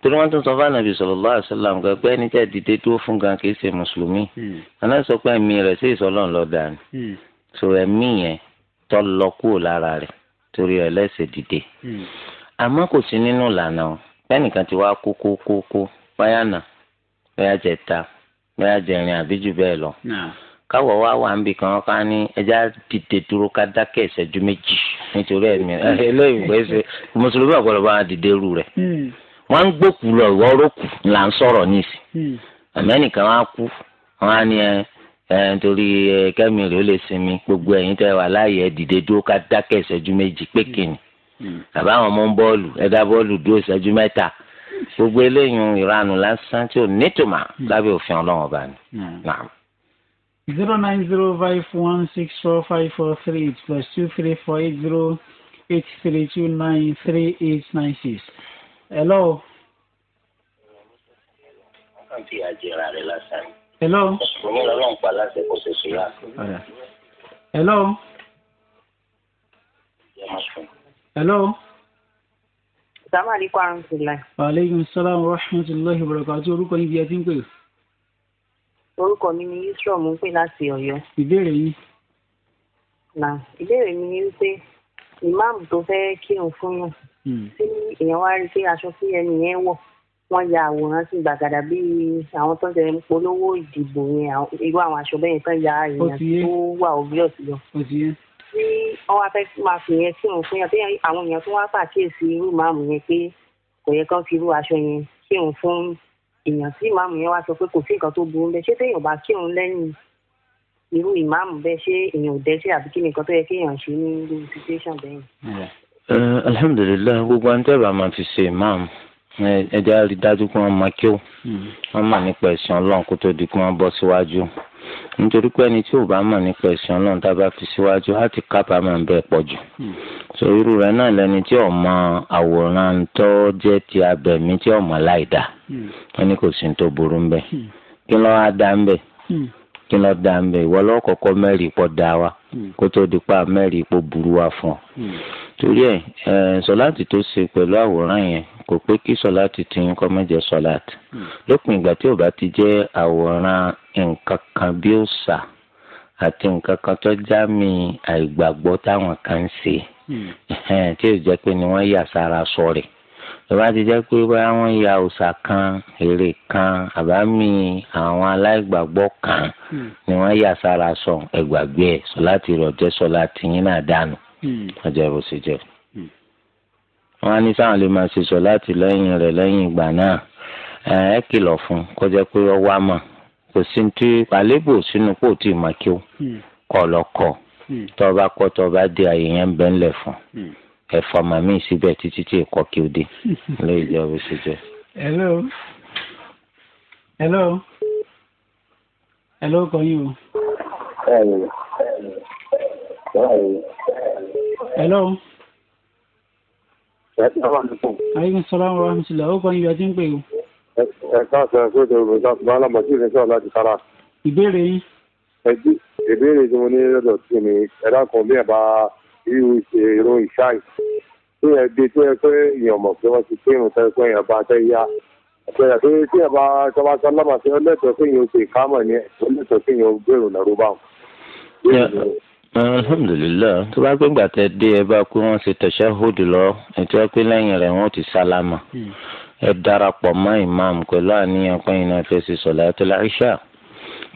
torí wọn tún sọ fún anabi sallallahu alaihi wasallam nǹkan pé ẹni tí a dìde dúró fún gan kìí ṣe mùsùlùmí aná sọ pé ẹ̀mí rẹ̀ sí ìsọlọ lọdà ni so ẹ̀mí yẹn tọ lọ kúrò lára rẹ̀ torí ẹ dìde. àmọ́ kò sí nínú ìlànà o pẹ́ẹ́nìkan ti wá kó kó kó báyà nà báyà jẹ ta báyà jẹ wá wà níbi kan ká ní ẹja dìde dúró ká dákẹ́ ìṣẹ́jú méjì nítorí ẹ̀mí mùsùlùmí dìde rú rẹ̀. Hmm. wọ́n ń gbókù lọ ìwọ́ rókù là ń sọ̀rọ̀ níìsì. Hmm. àmẹ́nìkan wá kú wọ́n á ní ẹ kẹ́mi ó lè sinmi gbogbo tẹ́ wà láàyè dìde dúró ká dákẹ́ ìṣẹ́jú méjì pé kìnnì Hmm. àbá àwọn ọmọ bọ́ọ̀lù ẹ̀dá bọ́ọ̀lù dúró ìṣẹ́jú mẹ́ta gbogbo eléyìí ìranù lásán tí ò nítumà hmm. lábẹ́ òfin ọlọ́run ọba ni. Hmm. zero nine zero five one six four five four three eight plus two three four eight zero eight three two nine three eight nine six. hello. hello. hello hello. Assalamu alaikum warahmatullahi. Wa alaikum assalam warahmatullahi wabarakatuh. Orúkọ yín bí ẹ ti ń pè. Orúkọ mi ni Yusuf mo ń pè láti Ọ̀yọ́. Ìbéèrè yìí. Nà ìbéèrè mi ni wípé ìmáàmù tó fẹ́ kírun fún yàn. Hmm. Tí èèyàn wá rí pé aṣọ tí ẹni yẹn wọ̀ wọ́n ya àwòrán sí gbàgàdà bíi àwọn tó ń tẹ̀ ń polówó ìdìbò yẹn irú àwọn aṣọ bẹ́ẹ̀ tán ya èèyàn tó wà obvious lọ tí wọ́n wá fẹ́ máa fi yẹn sí òun fún yàn tí àwọn èèyàn tó wá pàkíyèsí irú màmù yẹn pé kò yẹ kán fi irú aṣọ yẹn sí òun fún èèyàn tí màmù yẹn wá sọ pé kò sí nǹkan tó burú bẹ́ẹ̀ ṣé téèyàn bá kírun lẹ́yìn irú ìmáàmù bẹ́ẹ̀ ṣé èèyàn ò dẹ́ṣẹ̀ àbí kí nìkan tó yẹ kéèyàn ṣe ní irú situation bẹ́ẹ̀. alhamdulilayi gbogbo àǹtẹ̀rọ àmà fi ṣe ìmáàmù ẹ jẹ́ àrídájú pé wọ́n máa kí ó hmm. wọ́n mà nípa ẹ̀sìn ọlọ́run kó tó di pé wọ́n bọ́ síwájú. nítorí pé ẹni tí ò bá mọ̀ nípa ẹ̀sìn a bá fi síwájú á ti kábàámọ̀ ń hmm. so irú rẹ̀ náà lẹni tí ò àwòrán tó ti abẹ̀mí tí ò mọ̀ láìda wọn hmm. kò sí ní tó burú ń kí ló da ń bẹ ìwọ lọ́kọ̀ọ́kọ́ mẹ́rin ipò da wa hmm. kó tó di pa mẹ́rin ipò burú wa fún ọ. Hmm. torí ẹ sọláàtì tó ṣe pẹ̀lú àwòrán yẹn kò pé kí sọláàtì ti ń kọ́ mẹ́jẹ sọláàtì hmm. lópin ìgbà tí ò ti jẹ́ àwòrán nǹkan kan bí ó sà àti nǹkan kan tó já mi àìgbàgbọ́ táwọn kan ṣe tí ò jẹ́ pé ni wọ́n yà sára sọ tọ́ba ti jẹ́ pé báyà wọ́n ya òòṣà kan èrè kan àbámi àwọn aláìgbàgbọ́ kan hmm. ni wọ́n yà sára sọ ẹgbàgbé ẹ̀ sọ láti rọ̀jẹ́ sọ láti yín náà dànù ọjọ́ ìbò sì jẹ́. Hmm. wọ́n á ní sáwọn lè máa ṣe sọ láti lẹ́yìn rẹ̀ lẹ́yìn ìgbà náà ẹ kìlọ̀ fún kọjá pé ọ wá mọ̀ kò sí ti àlébò sínú kò tí ì máa kí ó hmm. kọ̀ lọ́kọ̀ tọ́ba kọ́ tọ́ba dé àyè yẹn bẹ́ńlẹ̀ fún ẹ̀fọ́ màmí síbẹ̀ títí tí ìkọ́ kí ó dé ló ìjọ bó ṣe jẹ. hello hello hello kọ́ yín o. hello. aleykum salaam wa rahmatulah ó kọ́ yín bí a ti ń pè o. ẹ káàsán sóde olùdókòwò bá alámọ̀tí ìrìnsẹ̀ láti kára. ìbéèrè yín. ìbéèrè tí mo ní lọ́dọ̀ sí mi ẹ̀dá kan bí ẹ̀ bá irú ìrun ìṣáì tó yẹ gbé tó yẹ pé èèyàn mọ̀ pé wọ́n ti pé irun tẹ́ pé èèyàn bá tẹ́ yá àpẹẹrẹ pé tí èèyàn bá tọ́ba sálámà sí ọlẹ́tọ̀ọ́ pé èèyàn ṣe ìkámọ̀ ní ọlẹ́tọ̀ọ́ pé èèyàn gbèrò nàró bá wọn. alhamdulilayi tó bá gbé gbà tẹ dé ẹ bá pé wọn ṣe tẹṣahudu lọ ètò ẹ pé lẹ́yìn rẹ̀ wọn ti sálámà hmm. ẹ darapọ̀ mọ́ ìmáàmù pẹ̀lú àníyàn pé ìnáfẹ́ ṣe sọ̀lá tó láìṣà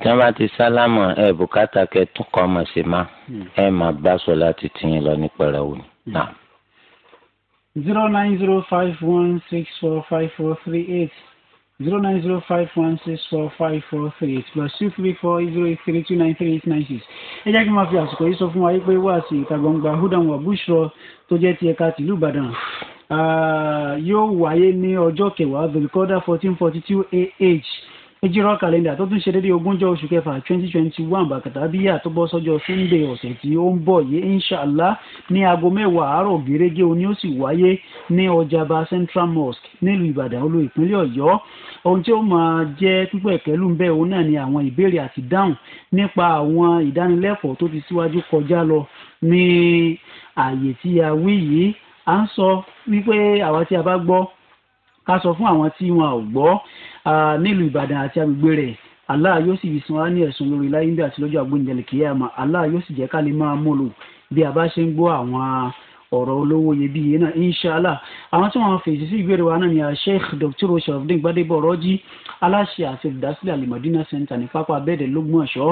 tí wọn bá ti sálámà ẹ bùkátà kẹ tún ọmọ sí ma hmm. ẹ máa bá sọ láti tìyìn lọ ní pẹrẹwu ni. Hmm. zero nine zero five one six four five four three eight zero nine zero five one six four five four three eight plus two three four zero eight three two nine three eight nine six. ẹ jẹ́ kí n máa fi àsìkò yìí sọ fún wa yìí pé wá sí ìta gbangba húdàn wà búṣọ tó jẹ́ ti ẹ̀ka tìlú Ìbàdàn ah, yóò wáyé ní ọjọ́ kẹwàá bẹ̀rẹ̀ kọ́dà fourteen forty two ah hijira calendar tó tún ṣe déédéé ogúnjọ́ oṣù kẹfà twenty twenty one bàkàtà bíyà tó bọ́ sọ́jọ́ sunday ọ̀sẹ̀ tí ó ń bọ̀ yìí inshallah ní aago mẹ́wàá àárọ̀ gẹ́rẹ́gẹ́ òní ó sì wáyé ní ọjàba central mosque nílùú ìbàdàn olú ìpínlẹ̀ ọ̀yọ́ ohun tí ó máa jẹ́ pípẹ́ kẹ́lù bẹ́ẹ̀ òun náà ni àwọn ìbéèrè àti dáhùn nípa àwọn ìdánilẹ́kọ̀ọ́ tó ti síwájú kọjá lọ ní ààyè tí a wí yìí à ń sọ wípé àwa tí a bá gbọ́ ká sọ fún àwọn tí wọn ò gbọ́ nílùú ìbàdàn àti agbègbè rẹ̀ allah yóò sì fi san á ní ẹ̀sùn lórí láyé àti lọ́jọ́ àgbóǹdẹ̀lẹ̀ kíyàmá allah yóò sì jẹ́ ká lè máa mú lò bí a bá ṣe ń gbọ́ àwọn ọ̀rọ̀ olówó iyebíye náà inshàlá àwọn tí wọ́n fèsì sí ìbéèrè wa náà ni sheikh dr sharafdin gbadebo ọ̀rọ́jì aláṣẹ àti olùdásílẹ̀ alimadina center ní pápá abẹ́ẹ̀dẹ̀ lógún ọ̀ṣọ́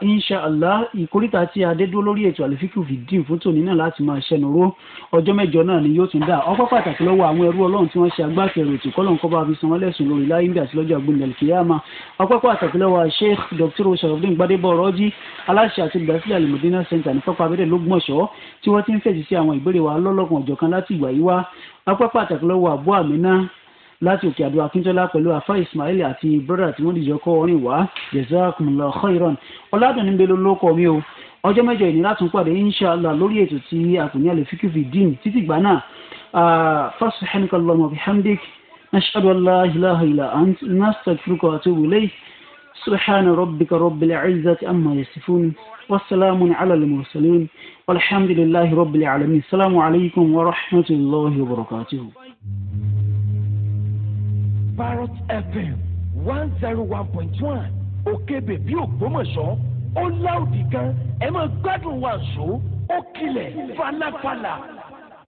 inshallah ìkórìtà tí adédúró lórí ètò àlìfíkù fìdí fún tòní náà láti máa ṣẹnuró ọjọ́ mẹ́jọ náà ni yóò tún dà ọpẹ́ pàtàkì lọ́wọ́ àwọn ẹrú ọlọ́run tí wọ́n ṣe agbátẹrù ètò kọ́lọ́n kọ́ bá fi san wọ́n lẹ́sùn lórí láyé níbi àti lọ́jọ́ àgbọ̀n ìdàlùkìyàmà ọpẹ́ pàtàkì lọ́wọ́ sheikh dr sharafdin gbadebo ọ̀rọ́jì aláṣẹ àti olùdásílẹ̀ center ní pápá abẹ́rẹ́ lọ́gbọ̀nsọ́ tí wọ́n ti ń fèsì sí àwọn ìbéèrè wa lọ́lọ́kan ọ̀jọ̀kan láti ìgbà yìí wá láti òkè àdó akíntola pẹ̀lú afa ismail àti broda tí wọ́n dìjọ kọ́ orin wá jazakumullahu khairan ọ̀làdùn níbi lóko mi o ọjọ́ mẹ́jọ ìnira tún pàdé inshallah lórí ètò tí àkùnrin àlefikù fi dín títí gbà náà fasubhanakallahumma bihamdik nashhadu an la ilaha illa ant nastaghfiruka wa atubu ilayk subhana rabbika rabbil izzati amma yasifun wasalaamun ala al-mursalin walhamdulillahi rabbil alamin assalamu alaykum wa rahmatullahi wa barakatuhu. Parrot FM one zero oh one point one òkè bèbí Ògbómọ̀ṣọ́ ó láòdì gan ẹ máa gbádùn wàásù ó kilẹ̀ falafala.